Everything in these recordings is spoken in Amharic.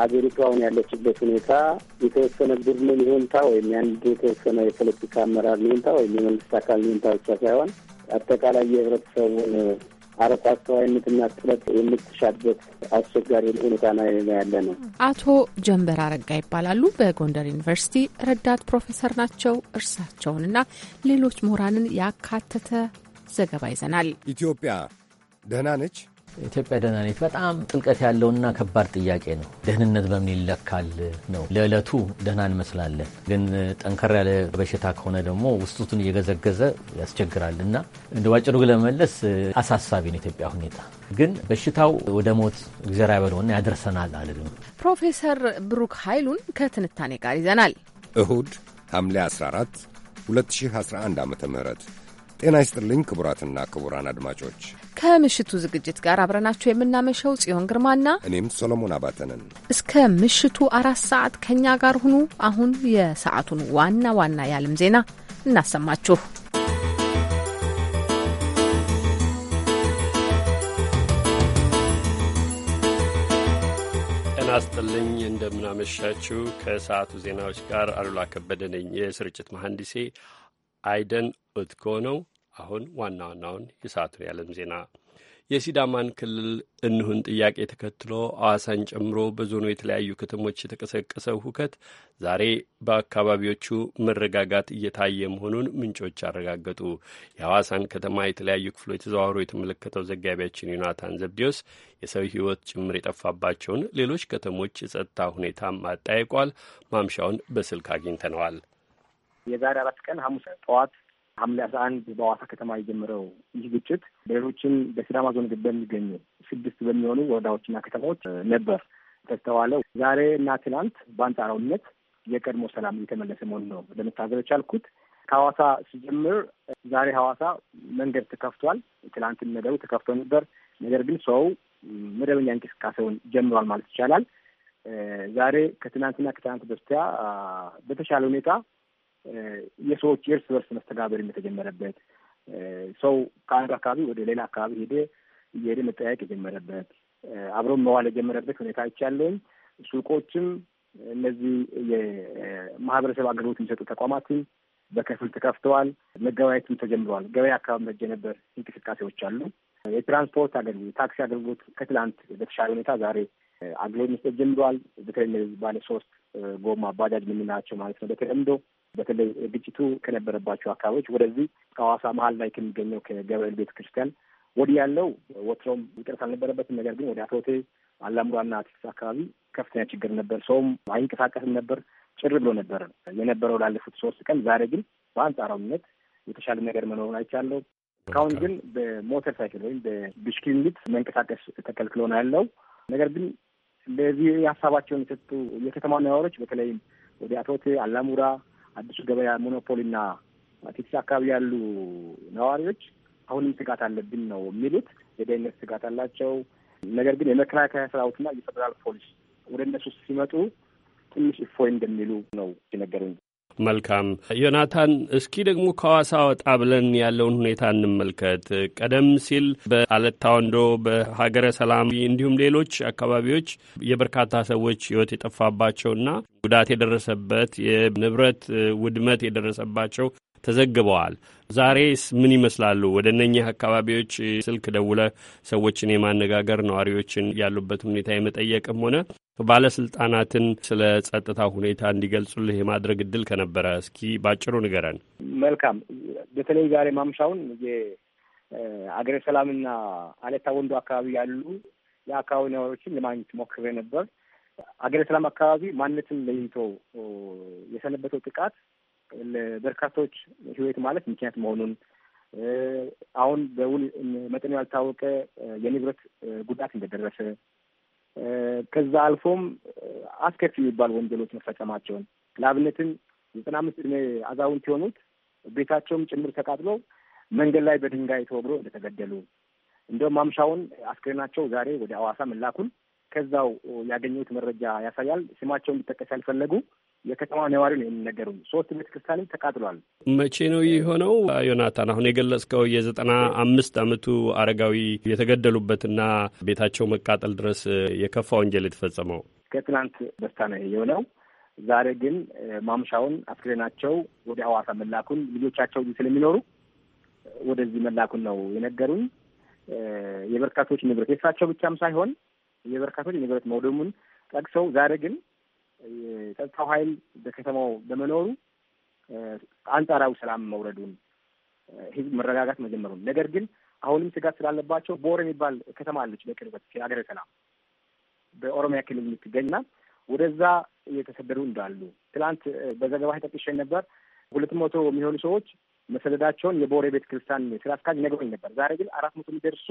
ሀገሪቱ አሁን ያለችበት ሁኔታ የተወሰነ ቡድን ሊሆንታ ወይም የአንድ የተወሰነ የፖለቲካ አመራር ሊሆንታ ወይም የመንግስት አካል ሊሆንታ ብቻ ሳይሆን አጠቃላይ የህብረተሰቡን አረፍ አስተዋይነትና ጥረት የምትሻበት አስቸጋሪ ሁኔታ ና ያለ ነው። አቶ ጀንበር አረጋ ይባላሉ። በጎንደር ዩኒቨርሲቲ ረዳት ፕሮፌሰር ናቸው። እርሳቸውንና ሌሎች ምሁራንን ያካተተ ዘገባ ይዘናል። ኢትዮጵያ ደህና ነች? ኢትዮጵያ ደህናኔት በጣም ጥልቀት ያለውና ከባድ ጥያቄ ነው። ደህንነት በምን ይለካል ነው። ለዕለቱ ደህና እንመስላለን፣ ግን ጠንከር ያለ በሽታ ከሆነ ደግሞ ውስጡቱን እየገዘገዘ ያስቸግራል እና እንደ ባጭሩ ለመመለስ አሳሳቢ ነው ኢትዮጵያ ሁኔታ። ግን በሽታው ወደ ሞት እግዚአብሔር ያበለውና ያደርሰናል አልልም። ፕሮፌሰር ብሩክ ኃይሉን ከትንታኔ ጋር ይዘናል። እሁድ ሐምሌ 14 2011 ዓ ም ጤና ይስጥልኝ ክቡራትና ክቡራን አድማጮች ከምሽቱ ዝግጅት ጋር አብረናችሁ የምናመሸው ጽዮን ግርማና እኔም ሶሎሞን አባተንን። እስከ ምሽቱ አራት ሰዓት ከእኛ ጋር ሁኑ። አሁን የሰዓቱን ዋና ዋና የዓለም ዜና እናሰማችሁ። ጤና እንደምናመሻችው ከሰዓቱ ዜናዎች ጋር አሉላ ከበደ ነኝ። የስርጭት መሐንዲሴ አይደን ኦትኮ ነው። አሁን ዋና ዋናውን የሰዓቱን የዓለም ዜና የሲዳማን ክልል እንሁን ጥያቄ ተከትሎ አዋሳን ጨምሮ በዞኑ የተለያዩ ከተሞች የተቀሰቀሰው ሁከት ዛሬ በአካባቢዎቹ መረጋጋት እየታየ መሆኑን ምንጮች አረጋገጡ። የአዋሳን ከተማ የተለያዩ ክፍሎች ተዘዋውሮ የተመለከተው ዘጋቢያችን ዮናታን ዘብዲዮስ የሰው ሕይወት ጭምር የጠፋባቸውን ሌሎች ከተሞች የጸጥታ ሁኔታ አጠያይቋል። ማምሻውን በስልክ አግኝተነዋል። የዛሬ አራት ቀን ሐሙስ ጠዋት ሐምሌ አስራ አንድ በአዋሳ ከተማ የጀመረው ይህ ግጭት በሌሎችም በሲዳማ ዞን በሚገኙ ስድስት በሚሆኑ ወረዳዎችና ከተማዎች ነበር ተስተዋለው። ዛሬ እና ትናንት በአንጻራዊነት የቀድሞ ሰላም እየተመለሰ መሆኑ ነው ለመታዘብ የቻልኩት። ከሐዋሳ ሲጀምር ዛሬ ሐዋሳ መንገድ ተከፍቷል። ትናንትም መደቡ ተከፍቶ ነበር። ነገር ግን ሰው መደበኛ እንቅስቃሴውን ጀምሯል ማለት ይቻላል። ዛሬ ከትናንትና ከትናንት በስቲያ በተሻለ ሁኔታ የሰዎች የእርስ በርስ መስተጋበርም የተጀመረበት ሰው ከአንዱ አካባቢ ወደ ሌላ አካባቢ ሄደ እየሄደ መጠያየቅ የጀመረበት አብረው መዋል የጀመረበት ሁኔታ ይቻለኝ ሱቆችም እነዚህ የማህበረሰብ አገልግሎት የሚሰጡ ተቋማትን በከፍል ተከፍተዋል። መገበያየትም ተጀምረዋል። ገበያ አካባቢ መጀነበር እንቅስቃሴዎች አሉ። የትራንስፖርት አገልግሎት የታክሲ አገልግሎት ከትላንት በተሻለ ሁኔታ ዛሬ አገልግሎት መስጠት ጀምረዋል። በተለይ ባለ ሶስት ጎማ ባጃጅ የምንላቸው ማለት ነው በተለምዶ በተለይ ግጭቱ ከነበረባቸው አካባቢዎች ወደዚህ ከሐዋሳ መሀል ላይ ከሚገኘው ከገብርኤል ቤተ ክርስቲያን ወዲህ ያለው ወትሮም ውጥረት አልነበረበትም። ነገር ግን ወደ አቶቴ አላምሯና አቲክስ አካባቢ ከፍተኛ ችግር ነበር። ሰውም አይንቀሳቀስም ነበር። ጭር ብሎ ነበረ የነበረው ላለፉት ሶስት ቀን። ዛሬ ግን በአንጻራዊነት የተሻለ ነገር መኖሩን አይቻለሁ። እስካሁን ግን በሞተር ሳይክል ወይም በብስክሌት መንቀሳቀስ ተከልክሎ ነው ያለው። ነገር ግን ለዚህ ሀሳባቸውን የሰጡ የከተማ ነዋሪዎች በተለይም ወደ አቶቴ አላሙራ አዲሱ ገበያ ሞኖፖሊና ቴክስ አካባቢ ያሉ ነዋሪዎች አሁንም ስጋት አለብን ነው የሚሉት። የደህንነት ስጋት አላቸው። ነገር ግን የመከላከያ ሰራዊትና የፌደራል ፖሊስ ወደ እነሱ ሲመጡ ትንሽ እፎይ እንደሚሉ ነው ሲነገሩኝ። መልካም ዮናታን፣ እስኪ ደግሞ ከሐዋሳ ወጣ ብለን ያለውን ሁኔታ እንመልከት። ቀደም ሲል በአለታ ወንዶ፣ በሀገረ ሰላም እንዲሁም ሌሎች አካባቢዎች የበርካታ ሰዎች ሕይወት የጠፋባቸውና ጉዳት የደረሰበት የንብረት ውድመት የደረሰባቸው ተዘግበዋል። ዛሬስ ምን ይመስላሉ? ወደ እነኚህ አካባቢዎች ስልክ ደውለ ሰዎችን የማነጋገር ነዋሪዎችን ያሉበት ሁኔታ የመጠየቅም ሆነ ባለስልጣናትን ስለ ጸጥታ ሁኔታ እንዲገልጹልህ የማድረግ እድል ከነበረ እስኪ ባጭሩ ንገረን። መልካም። በተለይ ዛሬ ማምሻውን የአገረ ሰላምና አለታ ወንዶ አካባቢ ያሉ የአካባቢ ነዋሪዎችን ለማግኘት ሞክሬ ነበር። አገረ ሰላም አካባቢ ማንነትን ለይቶ የሰነበተው ጥቃት ለበርካቶች ሕይወት ማለት ምክንያት መሆኑን አሁን በውል መጠኑ ያልታወቀ የንብረት ጉዳት እንደደረሰ ከዛ አልፎም አስከፊ የሚባሉ ወንጀሎች መፈጸማቸውን ለአብነትም ዘጠና አምስት እድሜ አዛውንት የሆኑት ቤታቸውም ጭምር ተቃጥሎ መንገድ ላይ በድንጋይ ተወግሮ እንደተገደሉ እንደውም ማምሻውን አስክሬናቸው ዛሬ ወደ አዋሳ መላኩን ከዛው ያገኘሁት መረጃ ያሳያል። ስማቸው እንዲጠቀስ ያልፈለጉ የከተማ ነዋሪ ነው የሚነገሩ። ሶስት ቤተክርስቲያንም ተቃጥሏል። መቼ ነው የሆነው? ዮናታን፣ አሁን የገለጽከው የዘጠና አምስት ዓመቱ አረጋዊ የተገደሉበትና ቤታቸው መቃጠል ድረስ የከፋ ወንጀል የተፈጸመው ከትናንት በስታ ነው የሆነው። ዛሬ ግን ማምሻውን አስክሬናቸው ወደ ሐዋሳ መላኩን ልጆቻቸው ስለሚኖሩ ወደዚህ መላኩን ነው የነገሩኝ። የበርካቶች ንብረት የእሳቸው ብቻም ሳይሆን የበርካቶች ንብረት መውደሙን ጠቅሰው ዛሬ ግን የጸጥታው ኃይል በከተማው በመኖሩ አንጻራዊ ሰላም መውረዱን፣ ህዝብ መረጋጋት መጀመሩን፣ ነገር ግን አሁንም ስጋት ስላለባቸው ቦር የሚባል ከተማ አለች በቅርበት ሀገረ ሰላም በኦሮሚያ ክልል የምትገኝና ወደዛ እየተሰደዱ እንዳሉ ትላንት በዘገባ ጠቅሼ ነበር። ሁለት መቶ የሚሆኑ ሰዎች መሰደዳቸውን የቦሬ ቤተ ክርስቲያን ስራ አስኪያጅ ነግሮኝ ነበር። ዛሬ ግን አራት መቶ የሚደርሱ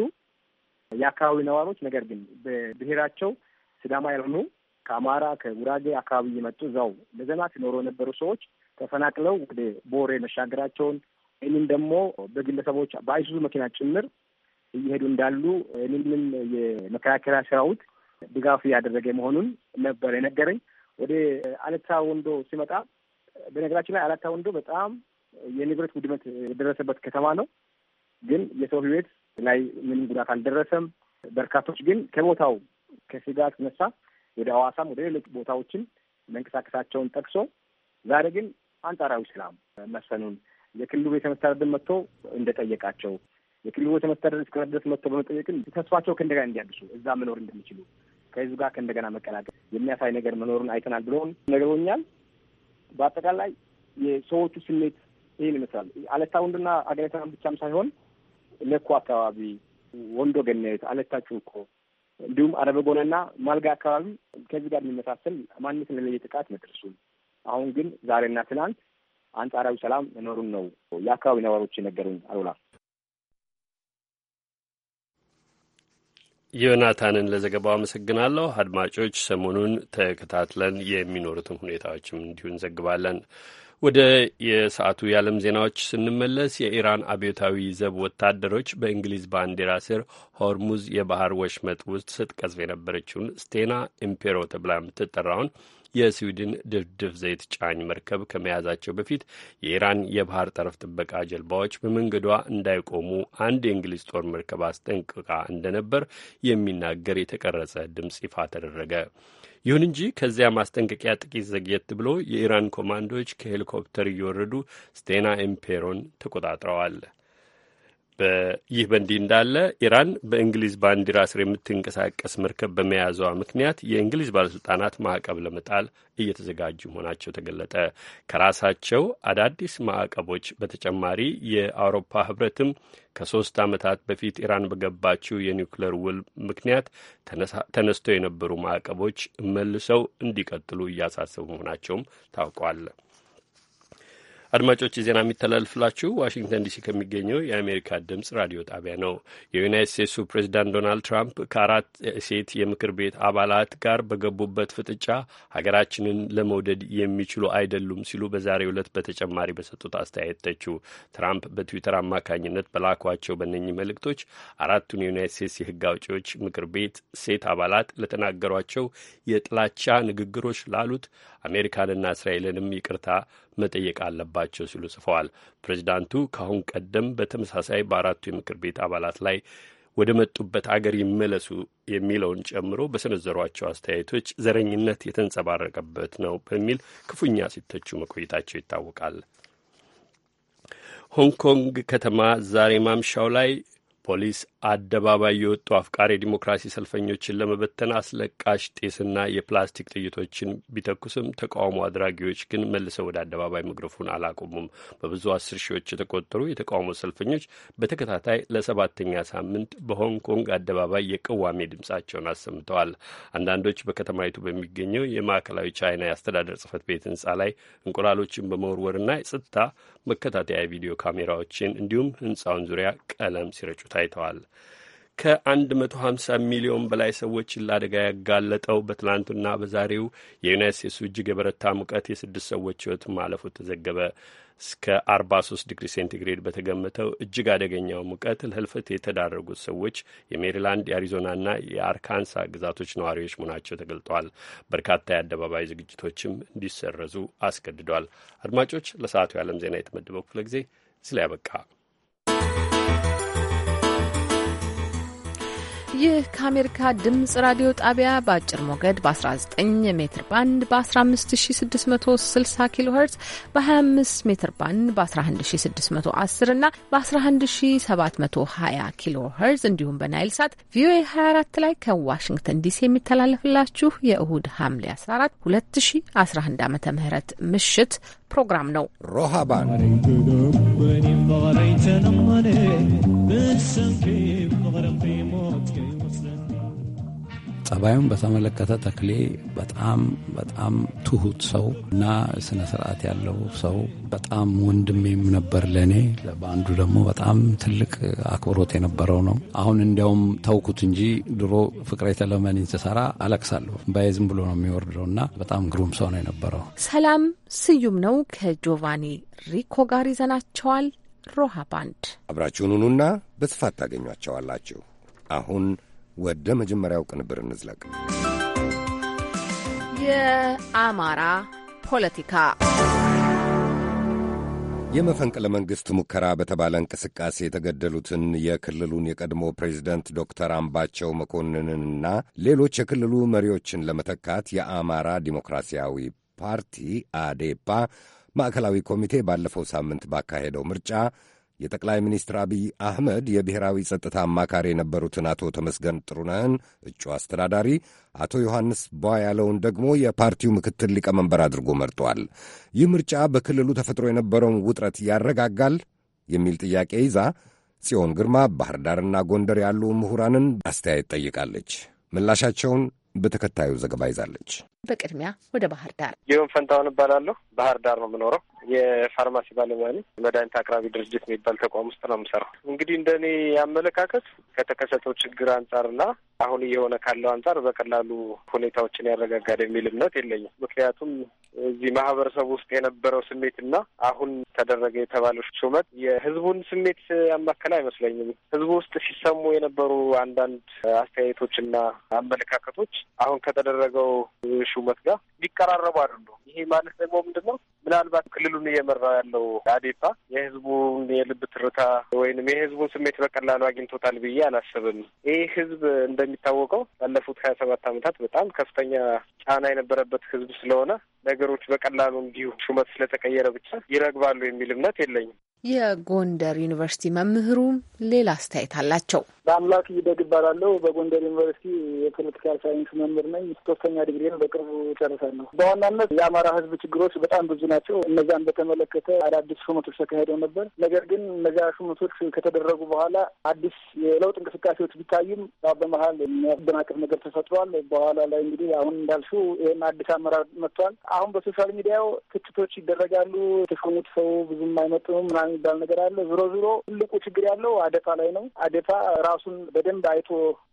የአካባቢ ነዋሪዎች ነገር ግን በብሔራቸው ስዳማ ያልሆኑ ከአማራ ከጉራጌ አካባቢ እየመጡ እዛው ለዘመናት ሲኖሩ የነበሩ ሰዎች ተፈናቅለው ወደ ቦሬ መሻገራቸውን እኔም ደግሞ በግለሰቦች በአይሱዙ መኪና ጭምር እየሄዱ እንዳሉ ይህንንም የመከላከያ ሰራዊት ድጋፍ እያደረገ መሆኑን ነበር የነገረኝ። ወደ አለታ ወንዶ ሲመጣ በነገራችን ላይ አለታ ወንዶ በጣም የንብረት ውድመት የደረሰበት ከተማ ነው። ግን የሰው ሕይወት ላይ ምንም ጉዳት አልደረሰም። በርካቶች ግን ከቦታው ከስጋት ነሳ ወደ ሐዋሳም ወደ ሌሎች ቦታዎችም መንቀሳቀሳቸውን ጠቅሶ ዛሬ ግን አንጻራዊ ሰላም መሰኑን የክልሉ ቤተ መስተዳደር መጥቶ እንደጠየቃቸው የክልሉ ቤተ መስተዳደር እስከ ድረስ መጥቶ በመጠየቅም ተስፋቸው ከእንደገና እንዲያድሱ እዛ መኖር እንደሚችሉ ከህዝብ ጋር ከእንደገና መቀላቀል የሚያሳይ ነገር መኖሩን አይተናል ብለውን ነገሮኛል። በአጠቃላይ የሰዎቹ ስሜት ይህን ይመስላል። አለታ ወንድና አገሬታን ብቻም ሳይሆን ለኮ አካባቢ ወንዶ ገነት አለታችሁ እኮ እንዲሁም አረበጎነና ማልጋ አካባቢ ከዚህ ጋር የሚመሳሰል ማንነትን የለየ ጥቃት መድረሱን አሁን ግን ዛሬና ትናንት አንጻራዊ ሰላም መኖሩን ነው የአካባቢ ነዋሪዎች የነገሩን። አሉላ ዮናታንን ለዘገባው አመሰግናለሁ። አድማጮች ሰሞኑን ተከታትለን የሚኖሩትን ሁኔታዎችም እንዲሁ እንዘግባለን። ወደ የሰዓቱ የዓለም ዜናዎች ስንመለስ የኢራን አብዮታዊ ዘብ ወታደሮች በእንግሊዝ ባንዲራ ስር ሆርሙዝ የባህር ወሽመጥ ውስጥ ስትቀዝፍ የነበረችውን ስቴና ኢምፔሮ ተብላ የምትጠራውን የስዊድን ድፍድፍ ዘይት ጫኝ መርከብ ከመያዛቸው በፊት የኢራን የባህር ጠረፍ ጥበቃ ጀልባዎች በመንገዷ እንዳይቆሙ አንድ የእንግሊዝ ጦር መርከብ አስጠንቅቃ እንደነበር የሚናገር የተቀረጸ ድምፅ ይፋ ተደረገ። ይሁን እንጂ ከዚያ ማስጠንቀቂያ ጥቂት ዘግየት ብሎ የኢራን ኮማንዶዎች ከሄሊኮፕተር እየወረዱ ስቴና ኤምፔሮን ተቆጣጥረዋል። ይህ በእንዲህ እንዳለ ኢራን በእንግሊዝ ባንዲራ ስር የምትንቀሳቀስ መርከብ በመያዟ ምክንያት የእንግሊዝ ባለስልጣናት ማዕቀብ ለመጣል እየተዘጋጁ መሆናቸው ተገለጠ። ከራሳቸው አዳዲስ ማዕቀቦች በተጨማሪ የአውሮፓ ህብረትም ከሶስት ዓመታት በፊት ኢራን በገባችው የኒውክሌር ውል ምክንያት ተነስተው የነበሩ ማዕቀቦች መልሰው እንዲቀጥሉ እያሳሰቡ መሆናቸውም ታውቋል። አድማጮች ዜና የሚተላልፍላችሁ ዋሽንግተን ዲሲ ከሚገኘው የአሜሪካ ድምፅ ራዲዮ ጣቢያ ነው። የዩናይት ስቴትሱ ፕሬዚዳንት ዶናልድ ትራምፕ ከአራት ሴት የምክር ቤት አባላት ጋር በገቡበት ፍጥጫ ሀገራችንን ለመውደድ የሚችሉ አይደሉም ሲሉ በዛሬ ዕለት በተጨማሪ በሰጡት አስተያየት ትራምፕ በትዊተር አማካኝነት በላኳቸው በነኚህ መልእክቶች አራቱን የዩናይት ስቴትስ የህግ አውጪዎች ምክር ቤት ሴት አባላት ለተናገሯቸው የጥላቻ ንግግሮች ላሉት አሜሪካንና እስራኤልንም ይቅርታ መጠየቅ አለባቸው ሲሉ ጽፈዋል። ፕሬዚዳንቱ ከአሁን ቀደም በተመሳሳይ በአራቱ የምክር ቤት አባላት ላይ ወደ መጡበት አገር ይመለሱ የሚለውን ጨምሮ በሰነዘሯቸው አስተያየቶች ዘረኝነት የተንጸባረቀበት ነው በሚል ክፉኛ ሲተቹ መቆየታቸው ይታወቃል። ሆንግ ኮንግ ከተማ ዛሬ ማምሻው ላይ ፖሊስ አደባባይ የወጡ አፍቃሪ ዲሞክራሲ ሰልፈኞችን ለመበተን አስለቃሽ ጤስና የፕላስቲክ ጥይቶችን ቢተኩስም ተቃውሞ አድራጊዎች ግን መልሰው ወደ አደባባይ መግረፉን አላቆሙም። በብዙ አስር ሺዎች የተቆጠሩ የተቃውሞ ሰልፈኞች በተከታታይ ለሰባተኛ ሳምንት በሆንግ ኮንግ አደባባይ የቅዋሜ ድምጻቸውን አሰምተዋል። አንዳንዶች በከተማይቱ በሚገኘው የማዕከላዊ ቻይና የአስተዳደር ጽህፈት ቤት ህንጻ ላይ እንቁላሎችን በመወርወርና የጸጥታ መከታተያ ቪዲዮ ካሜራዎችን እንዲሁም ህንፃውን ዙሪያ ቀለም ሲረጩ ታይተዋል። ከ150 ሚሊዮን በላይ ሰዎችን ለአደጋ ያጋለጠው በትናንቱና በዛሬው የዩናይት ስቴትሱ እጅግ የበረታ ሙቀት የስድስት ሰዎች ህይወት ማለፉ ተዘገበ። እስከ 43 ዲግሪ ሴንቲግሬድ በተገመተው እጅግ አደገኛው ሙቀት ለህልፈት የተዳረጉት ሰዎች የሜሪላንድ የአሪዞናና የአርካንሳ ግዛቶች ነዋሪዎች መሆናቸው ተገልጠዋል። በርካታ የአደባባይ ዝግጅቶችም እንዲሰረዙ አስገድዷል። አድማጮች፣ ለሰዓቱ የዓለም ዜና የተመደበው ክፍለ ጊዜ እዚህ ላይ ያበቃ። ይህ ከአሜሪካ ድምፅ ራዲዮ ጣቢያ በአጭር ሞገድ በ19 ሜትር ባንድ በ15660 ኪሎ በ25 ሜትር ባንድ በ11610 እና በ11720 ኪሎ ሄርትስ እንዲሁም በናይል ሳት ቪኦኤ 24 ላይ ከዋሽንግተን ዲሲ የሚተላለፍላችሁ የእሁድ ሐምሌ 14 2011 ዓ ም ምሽት ፕሮግራም ነው። ሮሃባን ጸባዩን በተመለከተ ተክሌ በጣም በጣም ትሁት ሰው እና ስነ ስርዓት ያለው ሰው በጣም ወንድሜም ነበር ለእኔ። በአንዱ ደግሞ በጣም ትልቅ አክብሮት የነበረው ነው። አሁን እንዲያውም ተውኩት እንጂ ድሮ ፍቅሬ ተለመን ስሰራ አለቅሳለሁ። ባይ ዝም ብሎ ነው የሚወርደው እና በጣም ግሩም ሰው ነው የነበረው። ሰላም ስዩም ነው ከጆቫኒ ሪኮ ጋር ይዘናቸዋል። ሮሃ ባንድ አብራችሁን ሁኑና በስፋት ታገኟቸዋላችሁ። አሁን ወደ መጀመሪያው ቅንብር እንዝለቅ። የአማራ ፖለቲካ የመፈንቅለ መንግሥት ሙከራ በተባለ እንቅስቃሴ የተገደሉትን የክልሉን የቀድሞ ፕሬዚደንት ዶክተር አምባቸው መኮንንንና ሌሎች የክልሉ መሪዎችን ለመተካት የአማራ ዲሞክራሲያዊ ፓርቲ አዴፓ ማዕከላዊ ኮሚቴ ባለፈው ሳምንት ባካሄደው ምርጫ የጠቅላይ ሚኒስትር አብይ አህመድ የብሔራዊ ጸጥታ አማካሪ የነበሩትን አቶ ተመስገን ጥሩነህን እጩ አስተዳዳሪ፣ አቶ ዮሐንስ ቧ ያለውን ደግሞ የፓርቲው ምክትል ሊቀመንበር አድርጎ መርጧል። ይህ ምርጫ በክልሉ ተፈጥሮ የነበረውን ውጥረት ያረጋጋል የሚል ጥያቄ ይዛ ጽዮን ግርማ ባህር ዳርና ጎንደር ያሉ ምሁራንን አስተያየት ጠይቃለች። ምላሻቸውን በተከታዩ ዘገባ ይዛለች። በቅድሚያ ወደ ባህር ዳር። ይሁን ፈንታውን እባላለሁ። ባህር ዳር ነው የምኖረው። የፋርማሲ ባለሙያ ነኝ። መድኃኒት አቅራቢ ድርጅት የሚባል ተቋም ውስጥ ነው የምሰራው። እንግዲህ እንደ እኔ አመለካከት ከተከሰተው ችግር አንጻርና አሁን እየሆነ ካለው አንጻር በቀላሉ ሁኔታዎችን ያረጋጋል የሚል እምነት የለኝም። ምክንያቱም እዚህ ማህበረሰብ ውስጥ የነበረው ስሜትና አሁን ተደረገ የተባለው ሹመት የህዝቡን ስሜት ያማከለ አይመስለኝም። ህዝቡ ውስጥ ሲሰሙ የነበሩ አንዳንድ አስተያየቶችና አመለካከቶች አሁን ከተደረገው ሹመት ጋር ሊቀራረቡ አይደሉም። ይሄ ማለት ደግሞ ምንድን ነው ምናልባት ክልል ትግሉን እየመራ ያለው አዴፓ የህዝቡን የልብ ትርታ ወይንም የህዝቡን ስሜት በቀላሉ አግኝቶታል ብዬ አላስብም። ይህ ህዝብ እንደሚታወቀው ባለፉት ሀያ ሰባት ዓመታት በጣም ከፍተኛ ጫና የነበረበት ህዝብ ስለሆነ ነገሮች በቀላሉ እንዲሁ ሹመት ስለተቀየረ ብቻ ይረግባሉ የሚል እምነት የለኝም። የጎንደር ዩኒቨርሲቲ መምህሩም ሌላ አስተያየት አላቸው። በአምላክ ይደግ እባላለሁ። በጎንደር ዩኒቨርሲቲ የፖለቲካል ሳይንስ መምህር ነኝ። ሶስተኛ ዲግሪን በቅርቡ ጨርሳለሁ። በዋናነት የአማራ ሕዝብ ችግሮች በጣም ብዙ ናቸው። እነዛን በተመለከተ አዳዲስ ሹመቶች ተካሄደው ነበር። ነገር ግን እነዚያ ሹመቶች ከተደረጉ በኋላ አዲስ የለውጥ እንቅስቃሴዎች ቢታዩም በመሀል የሚያደናቅፍ ነገር ተፈጥሯል። በኋላ ላይ እንግዲህ አሁን እንዳልሹ ይህን አዲስ አመራር መጥቷል። አሁን በሶሻል ሚዲያው ትችቶች ይደረጋሉ። የተሾሙት ሰው ብዙም አይመጡም ምናምን የሚባል ነገር አለ። ዞሮ ዞሮ ትልቁ ችግር ያለው አደፋ ላይ ነው። አደፋ ራሱን በደንብ አይቶ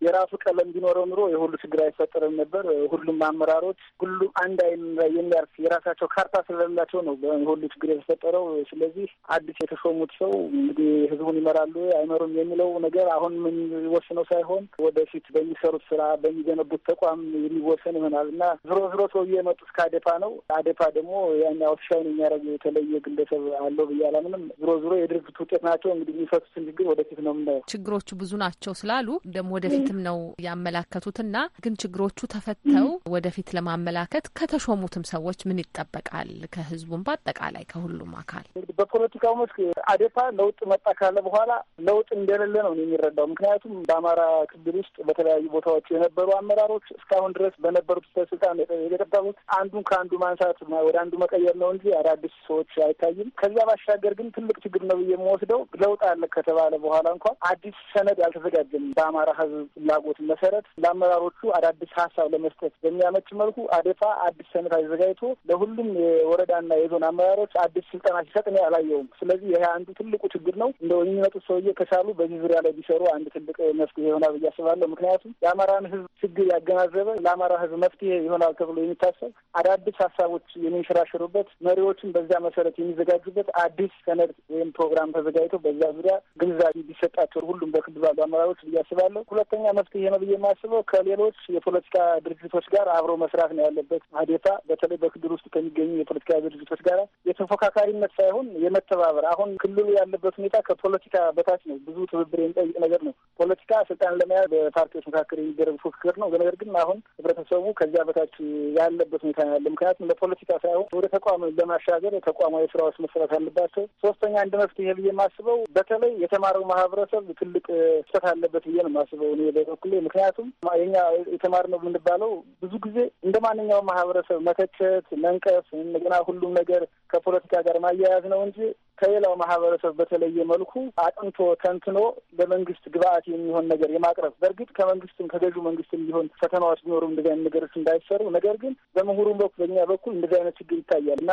የራሱ ቀለም ቢኖረው ኑሮ የሁሉ ችግር አይፈጠርም ነበር። ሁሉም አመራሮች፣ ሁሉም አንድ አይን ላይ የሚያርፍ የራሳቸው ካርታ ስለሌላቸው ነው ሁሉ ችግር የተፈጠረው። ስለዚህ አዲስ የተሾሙት ሰው እንግዲህ ህዝቡን ይመራሉ አይመሩም የሚለው ነገር አሁን የሚወስነው ሳይሆን ወደፊት በሚሰሩት ስራ በሚገነቡት ተቋም የሚወሰን ይሆናል እና ዞሮ ዞሮ ሰውዬ የመጡት ከአዴፓ ነው። አዴፓ ደግሞ ያን አውትሻይን የሚያደርግ የተለየ ግለሰብ አለው ብዬ አላምንም። ዞሮ ዞሮ የድርጅቱ ውጤት ናቸው። እንግዲህ የሚፈቱትን ችግር ወደፊት ነው የምናየው። ችግሮቹ ብዙ ናቸው ስላሉ ደግሞ ወደፊትም ነው ያመላከቱትና ግን ችግሮቹ ተፈተው ወደፊት ለማመላከት ከተሾሙትም ሰዎች ምን ይጠበቃል? ከህዝቡም በአጠቃላይ ከሁሉም አካል እንግዲህ በፖለቲካው መስክ አዴፓ ለውጥ መጣ ካለ በኋላ ለውጥ እንደሌለ ነው የሚረዳው። ምክንያቱም በአማራ ክልል ውስጥ በተለያዩ ቦታዎች የነበሩ አመራሮች እስካሁን ድረስ በነበሩት በስልጣን የተቀጠሉት አንዱን ከአንዱ ማንሳት ወደ አንዱ መቀየር ነው እንጂ አዳዲስ ሰዎች አይታይም። ከዛ ባሻገር ግን ትልቅ ትልቅ ችግር ነው ብዬ የምወስደው ለውጥ አለ ከተባለ በኋላ እንኳን አዲስ ሰነድ አልተዘጋጀም። በአማራ ህዝብ ፍላጎት መሰረት ለአመራሮቹ አዳዲስ ሀሳብ ለመስጠት በሚያመች መልኩ አደፋ አዲስ ሰነድ አዘጋጅቶ ለሁሉም የወረዳና የዞን አመራሮች አዲስ ስልጠና ሲሰጥ እኔ አላየውም። ስለዚህ ይሄ አንዱ ትልቁ ችግር ነው። እንደው የሚመጡት ሰውዬ ከቻሉ በዚህ ዙሪያ ላይ ቢሰሩ አንድ ትልቅ መፍትሄ ይሆናል ብዬ አስባለሁ። ምክንያቱም የአማራን ህዝብ ችግር ያገናዘበ ለአማራ ህዝብ መፍትሄ ይሆናል ተብሎ የሚታሰብ አዳዲስ ሀሳቦች የሚንሸራሸሩበት መሪዎችን በዚያ መሰረት የሚዘጋጁበት አዲስ ሰነድ ወይም ፕሮግራም ተዘጋጅቶ በዛ ዙሪያ ግንዛቤ ቢሰጣቸው ሁሉም በክልሉ አመራሮች ብዬ አስባለሁ። ሁለተኛ መፍትሄ ነው ብዬ የማስበው ከሌሎች የፖለቲካ ድርጅቶች ጋር አብሮ መስራት ነው ያለበት። አዴፓ በተለይ በክልል ውስጥ ከሚገኙ የፖለቲካ ድርጅቶች ጋር የተፎካካሪነት ሳይሆን የመተባበር አሁን ክልሉ ያለበት ሁኔታ ከፖለቲካ በታች ነው። ብዙ ትብብር የሚጠይቅ ነገር ነው። ፖለቲካ ስልጣን ለመያዝ በፓርቲዎች መካከል የሚደረግ ፉክክር ነው። ነገር ግን አሁን ህብረተሰቡ ከዚያ በታች ያለበት ሁኔታ ያለ ምክንያቱም ለፖለቲካ ሳይሆን ወደ ተቋም ለማሻገር ተቋማዊ ስራዎች መሰራት አለባቸው። ሶስተ ከፍተኛ አንድ መፍትሄ ብዬ የማስበው በተለይ የተማረው ማህበረሰብ ትልቅ ስህተት አለበት ብዬ ነው የማስበው እኔ በበኩሌ። ምክንያቱም የኛ የተማርነው የምንባለው ብዙ ጊዜ እንደ ማንኛውም ማህበረሰብ መተቸት፣ መንቀፍ፣ እንደገና ሁሉም ነገር ከፖለቲካ ጋር ማያያዝ ነው እንጂ ከሌላው ማህበረሰብ በተለየ መልኩ አጥንቶ ተንትኖ ለመንግስት ግብአት የሚሆን ነገር የማቅረብ በእርግጥ ከመንግስትም ከገዢ መንግስትም ቢሆን ፈተናዎች ቢኖሩ እንደዚህ አይነት ነገሮች እንዳይሰሩ፣ ነገር ግን በምሁሩም በኩል በእኛ በኩል እንደዚህ አይነት ችግር ይታያል እና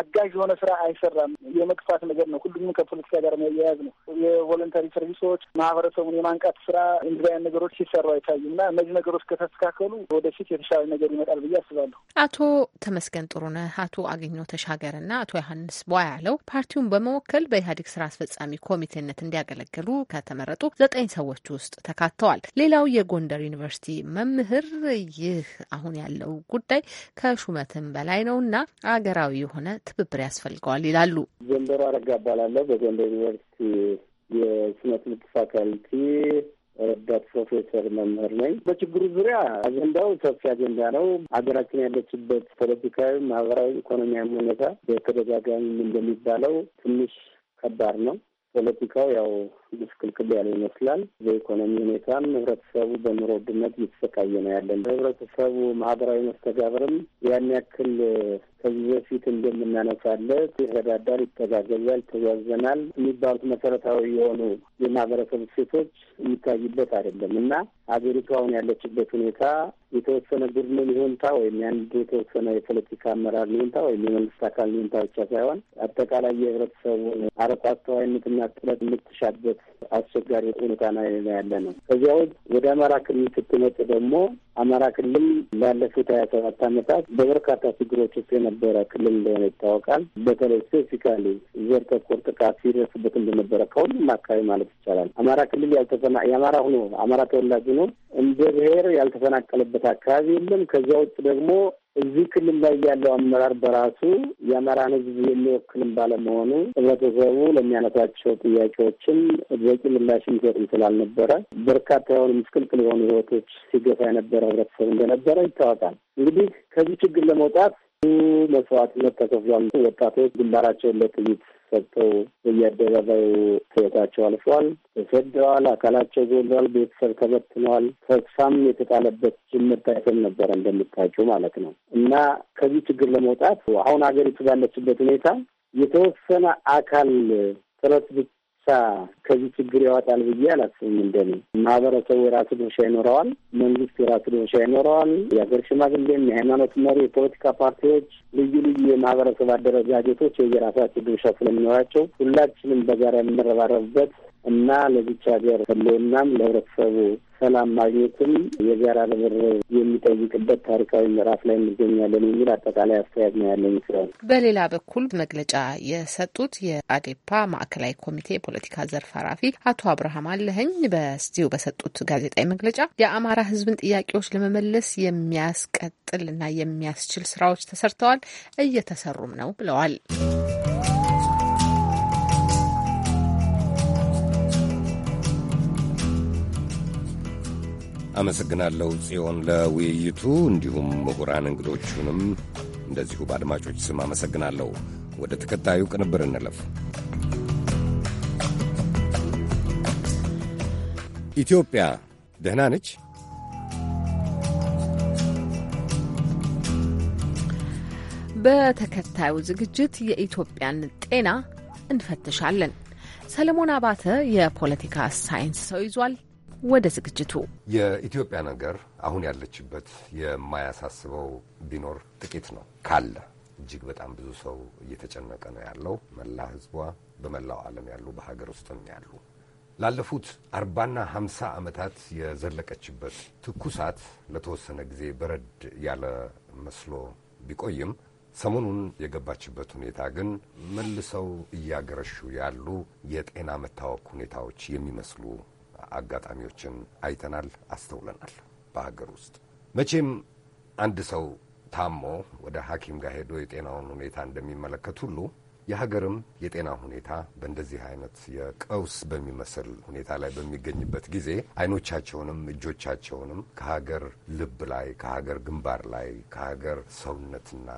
አጋዥ የሆነ ስራ አይሰራም የመግፋት ነገር ነው። ሁሉም ከፖለቲካ ጋር መያያዝ ነው። የቮለንታሪ ሰርቪሶች ማህበረሰቡን የማንቃት ስራ እንዲህ ነገሮች ሲሰሩ አይታዩም እና እነዚህ ነገሮች ከተስተካከሉ ወደፊት የተሻለ ነገር ይመጣል ብዬ አስባለሁ። አቶ ተመስገን ጥሩነህ፣ አቶ አገኘው ተሻገር እና አቶ ዮሐንስ ያለው ፓርቲውን በመወከል በኢህአዴግ ስራ አስፈጻሚ ኮሚቴነት እንዲያገለግሉ ከተመረጡ ዘጠኝ ሰዎች ውስጥ ተካተዋል። ሌላው የጎንደር ዩኒቨርሲቲ መምህር ይህ አሁን ያለው ጉዳይ ከሹመትም በላይ ነው እና አገራዊ የሆነ ትብብር ያስፈልገዋል ይላሉ። ዘንበሮ አረጋ እባላለሁ። በጎንደር ዩኒቨርሲቲ የስነ ትምህርት ፋካልቲ ረዳት ፕሮፌሰር መምህር ነኝ። በችግሩ ዙሪያ አጀንዳው ሰፊ አጀንዳ ነው። ሀገራችን ያለችበት ፖለቲካዊ፣ ማህበራዊ፣ ኢኮኖሚያዊ ሁኔታ በተደጋጋሚ እንደሚባለው ትንሽ ከባድ ነው። ፖለቲካው ያው ምስቅልቅል ያለ ይመስላል። በኢኮኖሚ ሁኔታም ህብረተሰቡ በኑሮ ውድነት እየተሰቃየ ነው ያለን። ህብረተሰቡ ማህበራዊ መስተጋብርም ያን ያክል ከዚህ በፊት እንደምናነሳለት ይረዳዳል፣ ይተጋገዛል፣ ይተዛዘናል የሚባሉት መሰረታዊ የሆኑ የማህበረሰብ እሴቶች የሚታይበት አይደለም እና አገሪቱ አሁን ያለችበት ሁኔታ የተወሰነ ቡድን ሊሆንታ ወይም የአንድ የተወሰነ የፖለቲካ አመራር ሊሆንታ ወይም የመንግስት አካል ሊሆንታ ብቻ ሳይሆን አጠቃላይ የህብረተሰቡን አርቆ አስተዋይነትና ጥረት የምትሻበት አስቸጋሪ ሁኔታ ነው ያለ ነው። ከዚያ ውጭ ወደ አማራ ክልል ስትመጥ ደግሞ አማራ ክልል ላለፉት ሀያ ሰባት አመታት በበርካታ ችግሮች ውስጥ የነበረ ክልል እንደሆነ ይታወቃል። በተለይ ስፔሲፊካሊ ዘር ተኮር ጥቃት ሲደርስበት እንደነበረ ከሁሉም አካባቢ ማለት ይቻላል። አማራ ክልል ያልተፈና የአማራ ሁኖ አማራ ተወላጅ ሆኖ እንደ ብሔር ያልተፈናቀለበት አካባቢ የለም። ከዚያ ውጭ ደግሞ እዚህ ክልል ላይ ያለው አመራር በራሱ የአማራን ሕዝብ የሚወክልም ባለመሆኑ ህብረተሰቡ ለሚያነሳቸው ጥያቄዎችም በቂ ምላሽ የሚሰጥም ስላልነበረ በርካታ የሆኑ ምስቅልቅል የሆኑ ህይወቶች ሲገፋ የነበረ ህብረተሰብ እንደነበረ ይታወቃል። እንግዲህ ከዚህ ችግር ለመውጣት መስዋዕትነት ተከፍሏል። ወጣቶች ግንባራቸውን ለጥይት ሰጥተው በየአደባባዩ ሕይወታቸው አልፏል፣ ተሰደዋል፣ አካላቸው ጎሏል፣ ቤተሰብ ተበትነዋል። ተስፋም የተጣለበት ጅምር ታይቶም ነበረ እንደምታቸው ማለት ነው እና ከዚህ ችግር ለመውጣት አሁን ሀገሪቱ ባለችበት ሁኔታ የተወሰነ አካል ጥረት ብቻ ከዚህ ችግር ያወጣል ብዬ አላስብም። እንደኔ ማህበረሰቡ የራሱ ድርሻ ይኖረዋል፣ መንግስት የራሱ ድርሻ ይኖረዋል። የሀገር ሽማግሌም፣ የሃይማኖት መሪ፣ የፖለቲካ ፓርቲዎች፣ ልዩ ልዩ የማህበረሰብ አደረጃጀቶች የየራሳቸው ድርሻ ስለሚኖራቸው ሁላችንም በጋራ የምንረባረብበት እና ለዚች ሀገር ህልውናም ለህብረተሰቡ ሰላም ማግኘትም የጋራ ርብር የሚጠይቅበት ታሪካዊ ምዕራፍ ላይ እንገኛለን የሚል አጠቃላይ አስተያየት ነው ያለኝ። ሲሆን በሌላ በኩል መግለጫ የሰጡት የአዴፓ ማዕከላዊ ኮሚቴ የፖለቲካ ዘርፍ ኃላፊ አቶ አብርሃም አለህኝ በስቲው በሰጡት ጋዜጣዊ መግለጫ የአማራ ህዝብን ጥያቄዎች ለመመለስ የሚያስቀጥልና የሚያስችል ስራዎች ተሰርተዋል፣ እየተሰሩም ነው ብለዋል። አመሰግናለሁ ጽዮን ለውይይቱ፣ እንዲሁም ምሁራን እንግዶቹንም እንደዚሁ በአድማጮች ስም አመሰግናለሁ። ወደ ተከታዩ ቅንብር እንለፍ። ኢትዮጵያ ደህና ነች? በተከታዩ ዝግጅት የኢትዮጵያን ጤና እንፈትሻለን። ሰለሞን አባተ የፖለቲካ ሳይንስ ሰው ይዟል። ወደ ዝግጅቱ የኢትዮጵያ ነገር አሁን ያለችበት የማያሳስበው ቢኖር ጥቂት ነው ካለ እጅግ በጣም ብዙ ሰው እየተጨነቀ ነው ያለው። መላ ህዝቧ በመላው ዓለም ያሉ በሀገር ውስጥም ያሉ ላለፉት አርባና ሀምሳ ዓመታት የዘለቀችበት ትኩሳት ለተወሰነ ጊዜ በረድ ያለ መስሎ ቢቆይም ሰሞኑን የገባችበት ሁኔታ ግን መልሰው እያገረሹ ያሉ የጤና መታወክ ሁኔታዎች የሚመስሉ አጋጣሚዎችን አይተናል፣ አስተውለናል። በሀገር ውስጥ መቼም አንድ ሰው ታሞ ወደ ሐኪም ጋር ሄዶ የጤናውን ሁኔታ እንደሚመለከት ሁሉ የሀገርም የጤና ሁኔታ በእንደዚህ አይነት የቀውስ በሚመስል ሁኔታ ላይ በሚገኝበት ጊዜ አይኖቻቸውንም እጆቻቸውንም ከሀገር ልብ ላይ ከሀገር ግንባር ላይ ከሀገር ሰውነትና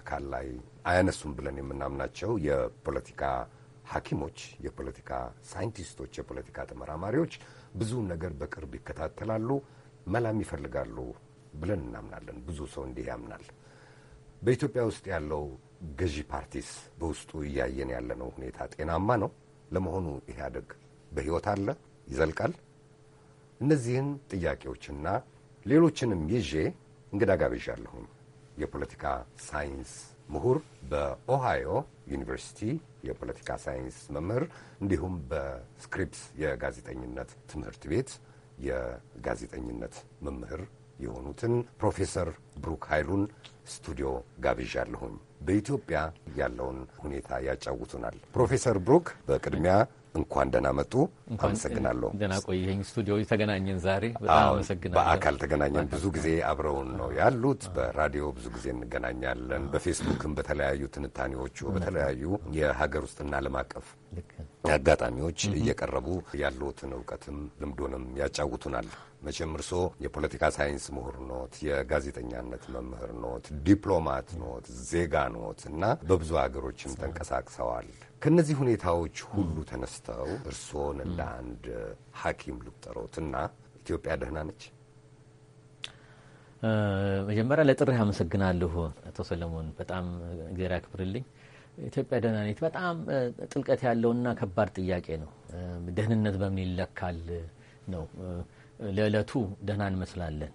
አካል ላይ አያነሱም ብለን የምናምናቸው የፖለቲካ ሐኪሞች፣ የፖለቲካ ሳይንቲስቶች፣ የፖለቲካ ተመራማሪዎች ብዙውን ነገር በቅርብ ይከታተላሉ፣ መላም ይፈልጋሉ ብለን እናምናለን። ብዙ ሰው እንዲህ ያምናል። በኢትዮጵያ ውስጥ ያለው ገዢ ፓርቲስ በውስጡ እያየን ያለነው ሁኔታ ጤናማ ነው? ለመሆኑ ኢህአደግ በሕይወት አለ? ይዘልቃል? እነዚህን ጥያቄዎችና ሌሎችንም ይዤ እንግዳ ጋብዣለሁኝ። የፖለቲካ ሳይንስ ምሁር፣ በኦሃዮ ዩኒቨርሲቲ የፖለቲካ ሳይንስ መምህር እንዲሁም በስክሪፕስ የጋዜጠኝነት ትምህርት ቤት የጋዜጠኝነት መምህር የሆኑትን ፕሮፌሰር ብሩክ ኃይሉን ስቱዲዮ ጋብዣለሁኝ። በኢትዮጵያ ያለውን ሁኔታ ያጫውቱናል። ፕሮፌሰር ብሩክ በቅድሚያ እንኳን ደህና መጡ። አመሰግናለሁ። ደህና ቆየኝ። ስቱዲዮ ተገናኘን ዛሬ በጣም አመሰግናለሁ። በአካል ተገናኘን። ብዙ ጊዜ አብረውን ነው ያሉት። በራዲዮ ብዙ ጊዜ እንገናኛለን። በፌስቡክም በተለያዩ ትንታኔዎቹ በተለያዩ የሀገር ውስጥና ዓለም አቀፍ አጋጣሚዎች እየቀረቡ ያለትን እውቀትም ልምዶንም ያጫውቱናል። መቼም እርሶ የፖለቲካ ሳይንስ ምሁር ኖት፣ የጋዜጠኛነት መምህር ኖት፣ ዲፕሎማት ኖት፣ ዜጋ ኖት እና በብዙ ሀገሮችም ተንቀሳቅሰዋል። ከእነዚህ ሁኔታዎች ሁሉ ተነስተው እርስዎን እንደ አንድ ሐኪም ልቁጠሮትና ኢትዮጵያ ደህና ነች? መጀመሪያ ለጥሪህ አመሰግናለሁ አቶ ሰለሞን፣ በጣም እግዚአብሔር ያክብርልኝ። ኢትዮጵያ ደህና ነች በጣም ጥልቀት ያለውና ከባድ ጥያቄ ነው። ደህንነት በምን ይለካል ነው። ለዕለቱ ደህና እንመስላለን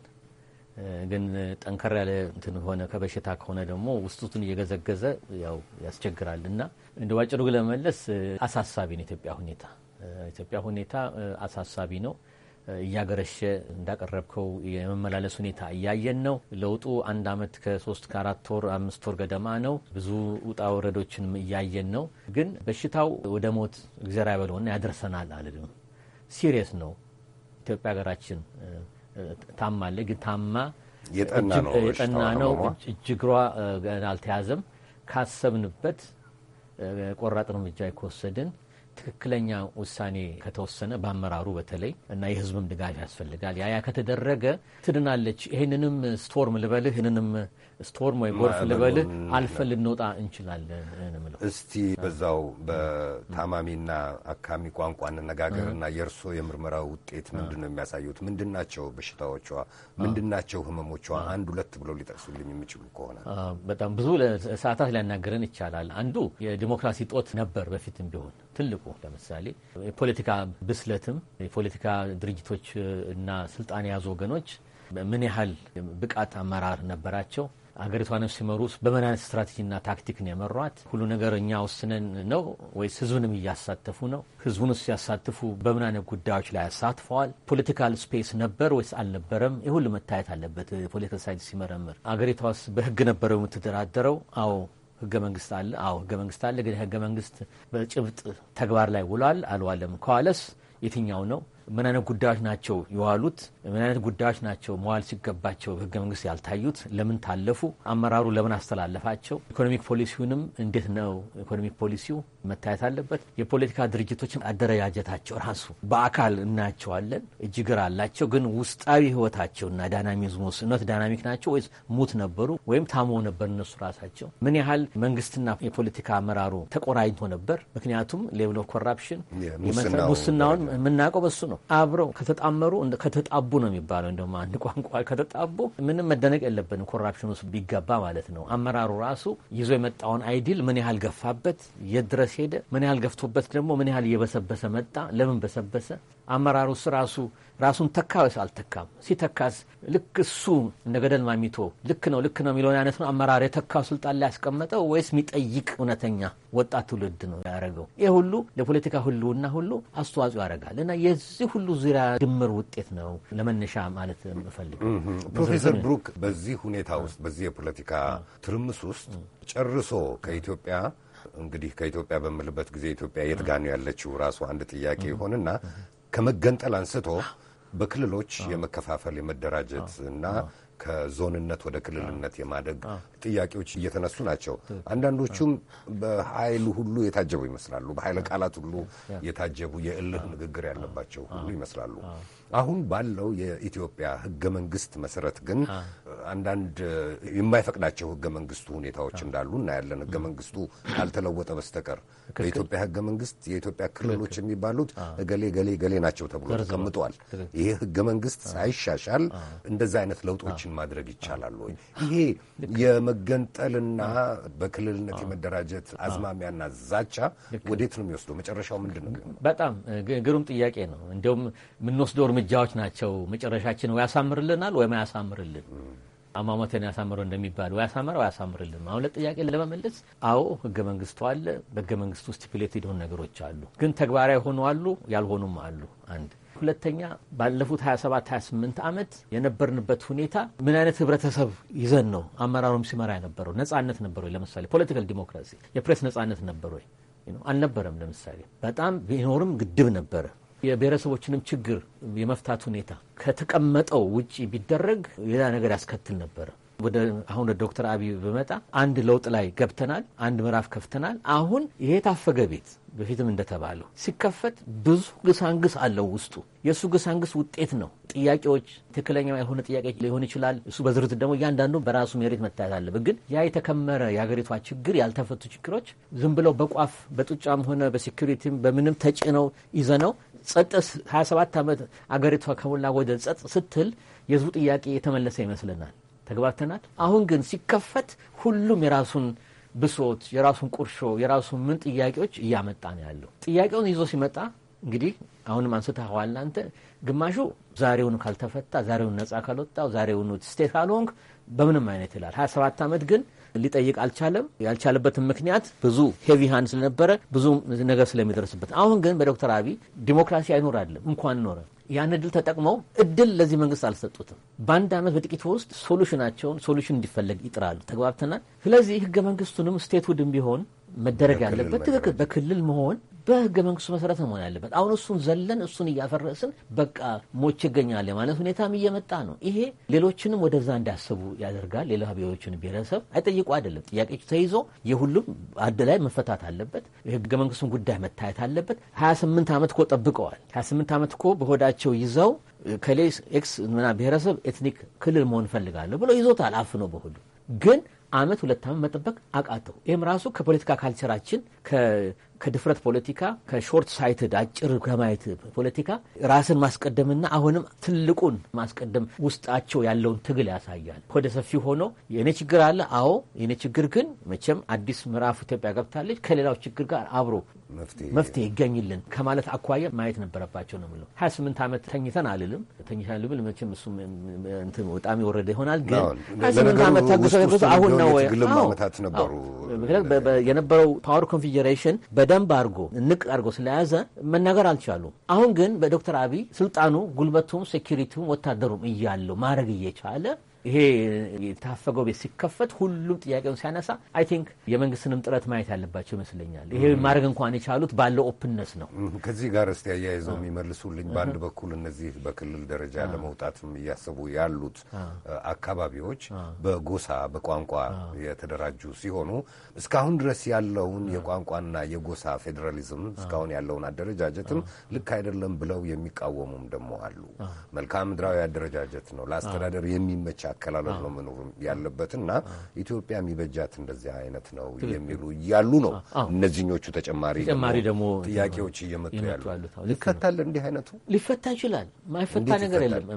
ግን ጠንከር ያለ እንትን ሆነ ከበሽታ ከሆነ ደግሞ ውስጡትን እየገዘገዘ ያው ያስቸግራል እና እንደ ባጭሩ ለመመለስ አሳሳቢ ነው ኢትዮጵያ ሁኔታ ኢትዮጵያ ሁኔታ አሳሳቢ ነው። እያገረሸ እንዳቀረብከው የመመላለስ ሁኔታ እያየን ነው። ለውጡ አንድ አመት ከሶስት ከአራት ወር አምስት ወር ገደማ ነው። ብዙ ውጣ ወረዶችንም እያየን ነው። ግን በሽታው ወደ ሞት እግዚአብሔር ያበለውና ያደርሰናል አልልም። ሲሪየስ ነው ኢትዮጵያ ሀገራችን ታማለች። ግን ታማ የጠና ነው። እጅግሯ ገና አልተያዘም። ካሰብንበት ቆራጥ እርምጃ ከወሰድን ትክክለኛ ውሳኔ ከተወሰነ በአመራሩ በተለይ እና የህዝብም ድጋፍ ያስፈልጋል። ያ ከተደረገ ትድናለች። ይህንንም ስቶርም ልበልህ ይህንንም ስቶርም ወይ ጎርፍ ልበልህ አልፈ ልንወጣ እንችላለን። ምለው እስቲ በዛው በታማሚና አካሚ ቋንቋ እንነጋገርና የእርስዎ የምርመራ ውጤት ምንድን ነው የሚያሳዩት? ምንድን ናቸው በሽታዎቿ? ምንድን ናቸው ህመሞቿ? አንድ ሁለት ብለው ሊጠቅሱልኝ የሚችሉ ከሆነ በጣም ብዙ ሰዓታት ሊያናገረን ይቻላል። አንዱ የዲሞክራሲ ጦት ነበር በፊትም ቢሆን ትልቁ ለምሳሌ የፖለቲካ ብስለትም የፖለቲካ ድርጅቶች እና ስልጣን የያዙ ወገኖች ምን ያህል ብቃት አመራር ነበራቸው? አገሪቷንም ሲመሩ በምን አይነት ስትራቴጂና ታክቲክ ነው የመሯት? ሁሉ ነገር እኛ ወስነን ነው ወይስ ህዝብንም እያሳተፉ ነው? ህዝቡን ሲያሳትፉ በምን አይነት ጉዳዮች ላይ ያሳትፈዋል? ፖለቲካል ስፔስ ነበር ወይስ አልነበረም? ይህ ሁሉ መታየት አለበት። የፖለቲካል ሳይንስ ሲመረምር አገሪቷስ በህግ ነበረው የምትደራደረው? አዎ ህገ መንግስት አለ። አዎ ህገ መንግስት አለ። ግን ህገ መንግስት በጭብጥ ተግባር ላይ ውሏል አልዋለም? ከዋለስ የትኛው ነው? ምን አይነት ጉዳዮች ናቸው የዋሉት? ምን አይነት ጉዳዮች ናቸው መዋል ሲገባቸው ህገ መንግስት ያልታዩት? ለምን ታለፉ? አመራሩ ለምን አስተላለፋቸው? ኢኮኖሚክ ፖሊሲውንም እንዴት ነው ኢኮኖሚክ ፖሊሲው መታየት አለበት። የፖለቲካ ድርጅቶችን አደረጃጀታቸው ራሱ በአካል እናያቸዋለን። እጅግር አላቸው፣ ግን ውስጣዊ ህይወታቸውና ዳይናሚዝሙስ እውነት ዳይናሚክ ናቸው ወይስ ሙት ነበሩ ወይም ታሞ ነበር? እነሱ ራሳቸው ምን ያህል መንግስትና የፖለቲካ አመራሩ ተቆራኝቶ ነበር? ምክንያቱም ሌቭል ኦፍ ኮራፕሽን ሙስናውን የምናውቀው በሱ ነው። አብረው ከተጣመሩ ከተጣቡ ነው የሚባለው። እንደውም አንድ ቋንቋ ከተጣቡ ምንም መደነቅ የለብንም። ኮራፕሽን ውስጥ ቢገባ ማለት ነው። አመራሩ ራሱ ይዞ የመጣውን አይዲል ምን ያህል ገፋበት፣ የት ድረስ ሄደ፣ ምን ያህል ገፍቶበት ደግሞ ምን ያህል እየበሰበሰ መጣ፣ ለምን በሰበሰ? አመራሩ ራሱ ራሱን ተካ ወይስ አልተካም? ሲተካስ ልክ እሱ እንደ ገደል ማሚቶ ልክ ነው ልክ ነው የሚለውን አይነት ነው አመራር የተካው ስልጣን ላይ ያስቀመጠው ወይስ የሚጠይቅ እውነተኛ ወጣት ትውልድ ነው ያደረገው? ይህ ሁሉ ለፖለቲካ ህልውና ሁሉ አስተዋጽኦ ያደርጋል እና የዚህ ሁሉ ዙሪያ ድምር ውጤት ነው ለመነሻ ማለት እፈልገው። ፕሮፌሰር ብሩክ በዚህ ሁኔታ ውስጥ በዚህ የፖለቲካ ትርምስ ውስጥ ጨርሶ ከኢትዮጵያ እንግዲህ ከኢትዮጵያ በምልበት ጊዜ ኢትዮጵያ የት ጋ ነው ያለችው ራሱ አንድ ጥያቄ ይሆንና ከመገንጠል አንስቶ በክልሎች የመከፋፈል የመደራጀት እና ከዞንነት ወደ ክልልነት የማደግ ጥያቄዎች እየተነሱ ናቸው። አንዳንዶቹም በኃይል ሁሉ የታጀቡ ይመስላሉ። በኃይለ ቃላት ሁሉ የታጀቡ የእልህ ንግግር ያለባቸው ሁሉ ይመስላሉ። አሁን ባለው የኢትዮጵያ ህገ መንግስት መሰረት ግን አንዳንድ የማይፈቅዳቸው ህገ መንግስቱ ሁኔታዎች እንዳሉ እናያለን። ህገ መንግስቱ ካልተለወጠ በስተቀር በኢትዮጵያ ህገ መንግስት የኢትዮጵያ ክልሎች የሚባሉት እገሌ ገሌ ገሌ ናቸው ተብሎ ተቀምጧል። ይሄ ህገ መንግስት ሳይሻሻል እንደዛ አይነት ለውጦችን ማድረግ ይቻላል ወይ? ይሄ የመገንጠልና በክልልነት የመደራጀት አዝማሚያና ዛቻ ወዴት ነው የሚወስደው? መጨረሻው ምንድን ነው? በጣም ግሩም ጥያቄ ነው። እንዲያውም የምንወስደው እርምጃ እርምጃዎች ናቸው መጨረሻችን ወይ ያሳምርልናል ወይም አያሳምርልን አሟሟተን ያሳምረው እንደሚባል ወይ ያሳምረ ወይ ያሳምርልን። አሁን ለጥያቄ ለመመለስ አዎ ህገ መንግስቱ አለ። በህገ መንግስቱ ስቲፕሌት የሆኑ ነገሮች አሉ፣ ግን ተግባራዊ ሆኑ አሉ፣ ያልሆኑም አሉ። አንድ ሁለተኛ ባለፉት 27 28 ዓመት የነበርንበት ሁኔታ ምን አይነት ህብረተሰብ ይዘን ነው አመራሩም ሲመራ የነበረው? ነጻነት ነበር ወይ? ለምሳሌ ፖለቲካል ዲሞክራሲ የፕሬስ ነጻነት ነበር ወይ? አልነበረም። ለምሳሌ በጣም ቢኖርም ግድብ ነበረ። የብሔረሰቦችንም ችግር የመፍታት ሁኔታ ከተቀመጠው ውጪ ቢደረግ ሌላ ነገር ያስከትል ነበረ። አሁን ዶክተር አብይ በመጣ አንድ ለውጥ ላይ ገብተናል። አንድ ምዕራፍ ከፍተናል። አሁን ይሄ ታፈገ ቤት በፊትም እንደተባለው ሲከፈት ብዙ ግሳንግስ አለው ውስጡ። የእሱ ግሳንግስ ውጤት ነው ጥያቄዎች፣ ትክክለኛ የሆነ ጥያቄ ሊሆን ይችላል። እሱ በዝርዝር ደግሞ እያንዳንዱ በራሱ መሬት መታየት አለበት። ግን ያ የተከመረ የሀገሪቷ ችግር፣ ያልተፈቱ ችግሮች ዝም ብለው በቋፍ በጡጫም ሆነ በሴኩሪቲም በምንም ተጭነው ይዘነው ጸጥ 27 ዓመት አገሪቷ ከሞላ ወደ ጸጥ ስትል የህዝቡ ጥያቄ የተመለሰ ይመስለናል። ተግባብተናል። አሁን ግን ሲከፈት ሁሉም የራሱን ብሶት፣ የራሱን ቁርሾ፣ የራሱን ምን ጥያቄዎች እያመጣ ነው ያለው። ጥያቄውን ይዞ ሲመጣ እንግዲህ አሁንም አንስተኸዋል አንተ ግማሹ ዛሬውን ካልተፈታ ዛሬውን ነጻ ካልወጣው ዛሬውን ስቴት ካልሆንክ በምንም አይነት ይላል። ሀያ ሰባት ዓመት ግን ሊጠይቅ አልቻለም። ያልቻለበትን ምክንያት ብዙ ሄቪ ሃንድ ስለነበረ ብዙ ነገር ስለሚደርስበት፣ አሁን ግን በዶክተር አብይ ዲሞክራሲ አይኖራለም እንኳን ኖረ ያን እድል ተጠቅመው እድል ለዚህ መንግስት አልሰጡትም። በአንድ ዓመት በጥቂት ውስጥ ሶሉሽናቸውን ሶሉሽን እንዲፈለግ ይጥራሉ። ተግባብተናል። ስለዚህ ህገ መንግስቱንም ስቴትሁድም ቢሆን መደረግ ያለበት ትክክል በክልል መሆን በህገ መንግስቱ መሰረት መሆን ያለበት። አሁን እሱን ዘለን እሱን እያፈረስን በቃ ሞች ይገኛል የማለት ሁኔታም እየመጣ ነው። ይሄ ሌሎችንም ወደዛ እንዳስቡ ያደርጋል። ሌላ ብሔሮችን ብሔረሰብ አይጠይቁ አይደለም ጥያቄዎቹ ተይዞ የሁሉም አደ ላይ መፈታት አለበት። የህገ መንግስቱን ጉዳይ መታየት አለበት። 28 ዓመት እኮ ጠብቀዋል። 28 ዓመት እኮ በሆዳቸው ይዘው ከሌ ኤክስ ምና ብሔረሰብ ኤትኒክ ክልል መሆን እፈልጋለሁ ብሎ ይዞታል አፍኖ በሁሉ ግን አመት ሁለት ዓመት መጠበቅ አቃተው። ይህም ራሱ ከፖለቲካ ካልቸራችን ከድፍረት ፖለቲካ ከሾርት ሳይትድ አጭር ከማየት ፖለቲካ ራስን ማስቀደምና አሁንም ትልቁን ማስቀደም ውስጣቸው ያለውን ትግል ያሳያል። ወደ ሰፊ ሆኖ የእኔ ችግር አለ። አዎ የእኔ ችግር ግን መቼም አዲስ ምዕራፍ ኢትዮጵያ ገብታለች። ከሌላው ችግር ጋር አብሮ መፍትሄ ይገኝልን ከማለት አኳያ ማየት ነበረባቸው ነው የምለው። ሀያ ስምንት ዓመት ተኝተን አልልም ተኝተን ልብል መቼም እሱ በጣም የወረደ ይሆናል። ግን ሀያ ስምንት ዓመት ታግሶ አሁን ነው የነበረው ፓወር ኮንፊጀሬሽን በዳ በደንብ አድርጎ ንቅ አድርጎ ስለያዘ መናገር አልቻሉም። አሁን ግን በዶክተር አብይ ስልጣኑ ጉልበቱም ሴኪሪቲውም ወታደሩም እያለው ማድረግ እየቻለ ይሄ የታፈገው ቤት ሲከፈት ሁሉም ጥያቄውን ሲያነሳ አይ ቲንክ የመንግስትንም ጥረት ማየት ያለባቸው ይመስለኛል። ይሄ ማድረግ እንኳን የቻሉት ባለው ኦፕንነስ ነው። ከዚህ ጋር እስቲ አያይዘው የሚመልሱልኝ በአንድ በኩል እነዚህ በክልል ደረጃ ለመውጣትም እያሰቡ ያሉት አካባቢዎች በጎሳ በቋንቋ የተደራጁ ሲሆኑ እስካሁን ድረስ ያለውን የቋንቋና የጎሳ ፌዴራሊዝም እስካሁን ያለውን አደረጃጀትም ልክ አይደለም ብለው የሚቃወሙም ደግሞ አሉ። መልካም ምድራዊ አደረጃጀት ነው፣ ለአስተዳደር የሚመቻ አከላለል ነው መኖሩም ያለበትና ኢትዮጵያ የሚበጃት እንደዚህ አይነት ነው የሚሉ እያሉ ነው እነዚህኞቹ ተጨማሪ ደግሞ ጥያቄዎች እየመጡ ያሉ። ሊፈታል እንዲህ አይነቱ ሊፈታ ይችላል። ማይፈታ ነገር የለም።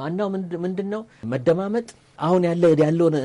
ማናው ምንድን ነው መደማመጥ አሁን ያለ ያለውን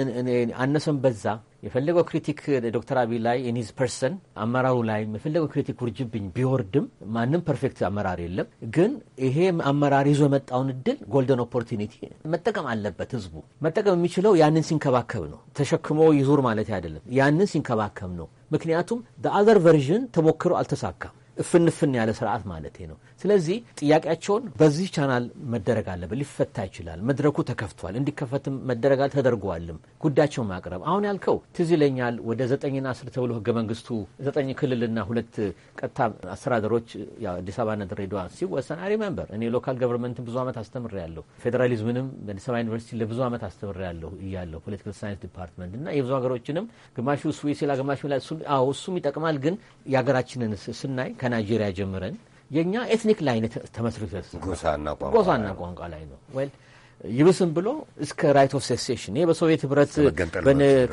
አነሰን በዛ የፈለገው ክሪቲክ ዶክተር አብይ ላይ ኒዝ ፐርሰን አመራሩ ላይ የፈለገው ክሪቲክ ውርጅብኝ ቢወርድም ማንም ፐርፌክት አመራር የለም። ግን ይሄ አመራር ይዞ የመጣውን እድል ጎልደን ኦፖርቱኒቲ መጠቀም አለበት። ህዝቡ መጠቀም የሚችለው ያንን ሲንከባከብ ነው። ተሸክሞ ይዙር ማለት አይደለም። ያንን ሲንከባከብ ነው። ምክንያቱም በአዘር ቨርዥን ተሞክሮ አልተሳካም። እፍንፍን ያለ ስርዓት ማለት ነው። ስለዚህ ጥያቄያቸውን በዚህ ቻናል መደረግ አለበት፣ ሊፈታ ይችላል። መድረኩ ተከፍቷል፣ እንዲከፈትም መደረጋል ተደርጓልም። ጉዳያቸውን ማቅረብ አሁን ያልከው ትዝ ይለኛል። ወደ ዘጠኝና አስር ተብሎ ህገ መንግስቱ ዘጠኝ ክልልና ሁለት ቀጥታ አስተዳደሮች አዲስ አበባና ድሬዳዋ ሲወሰን አሪ መንበር እኔ ሎካል ገቨርንመንትን ብዙ ዓመት አስተምር ያለሁ ፌዴራሊዝምንም በአዲስ አበባ ዩኒቨርሲቲ ለብዙ ዓመት አስተምር ያለሁ እያለሁ ፖለቲካል ሳይንስ ዲፓርትመንት እና የብዙ ሀገሮችንም ግማሹ ስዊስ ላ ግማሹ ላይ እሱም ይጠቅማል። ግን የሀገራችንን ስናይ ከናይጄሪያ ጀምረን የእኛ ኤትኒክ ላይ ተመስርቶ ጎሳና ቋንቋ ላይ ነው። ይብስም ብሎ እስከ ራይት ኦፍ ሴሴሽን ይህ በሶቪየት ህብረት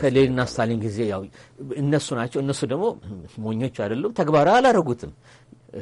ከሌኒንና ስታሊን ጊዜ ያው እነሱ ናቸው። እነሱ ደግሞ ሞኞች አይደሉም፣ ተግባራዊ አላደረጉትም።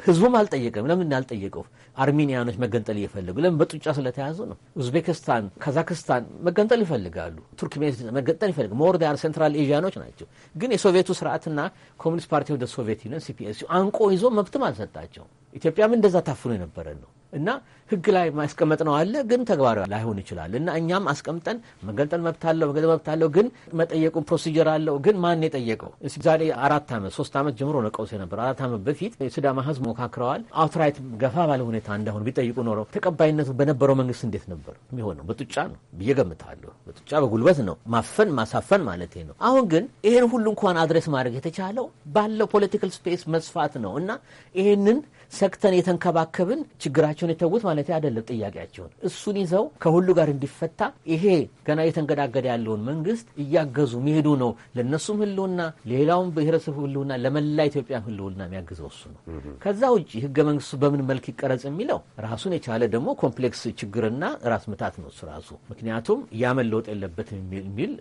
ህዝቡም አልጠየቀም። ለምን አልጠየቀው? አርሜኒያኖች መገንጠል እየፈለጉ ለምን በጡጫ ስለተያዙ ነው። ኡዝቤክስታን፣ ካዛክስታን መገንጠል ይፈልጋሉ። ቱርክሜኒስታን መገንጠል ይፈልጋሉ። ሞር ሴንትራል ኤዥያኖች ናቸው። ግን የሶቪየቱ ስርዓትና ኮሚኒስት ፓርቲ ወደ ሶቪየት ዩኒየን ሲፒኤስ አንቆ ይዞ መብትም አልሰጣቸውም። ኢትዮጵያም እንደዛ ታፍኖ የነበረን ነው እና ህግ ላይ ማስቀመጥ ነው አለ፣ ግን ተግባራዊ ላይሆን ይችላል እና እኛም አስቀምጠን መገንጠል መብት አለው መገንጠል መብት አለው፣ ግን መጠየቁ ፕሮሲጀር አለው። ግን ማን የጠየቀው? ዛሬ አራት ዓመት ሶስት ዓመት ጀምሮ ነው ቀውስ የነበረው። አራት ዓመት በፊት የሲዳማ ህዝብ ሞካክረዋል። አውትራይት ገፋ ባለ ሁኔታ እንዳሁን ቢጠይቁ ኖሮ ተቀባይነቱ በነበረው መንግስት እንዴት ነበር የሚሆነው? በጡጫ ነው ብዬ ገምታለሁ። በጡጫ በጉልበት ነው ማፈን ማሳፈን ማለት ነው። አሁን ግን ይሄን ሁሉ እንኳን አድሬስ ማድረግ የተቻለው ባለው ፖለቲካል ስፔስ መስፋት ነው እና ይህንን ሰክተን የተንከባከብን ችግራቸውን የተውት ማለት ማለት አይደለም ጥያቄያቸውን። እሱን ይዘው ከሁሉ ጋር እንዲፈታ ይሄ ገና እየተንገዳገደ ያለውን መንግስት እያገዙ መሄዱ ነው ለእነሱም ህልውና፣ ሌላውም ብሔረሰቡ ህልውና፣ ለመላ ኢትዮጵያ ህልውና የሚያግዘው እሱ ነው። ከዛ ውጭ ህገ መንግስቱ በምን መልክ ይቀረጽ የሚለው ራሱን የቻለ ደግሞ ኮምፕሌክስ ችግርና ራስ ምታት ነው እሱ ራሱ። ምክንያቱም ያ መለወጥ የለበትም የሚል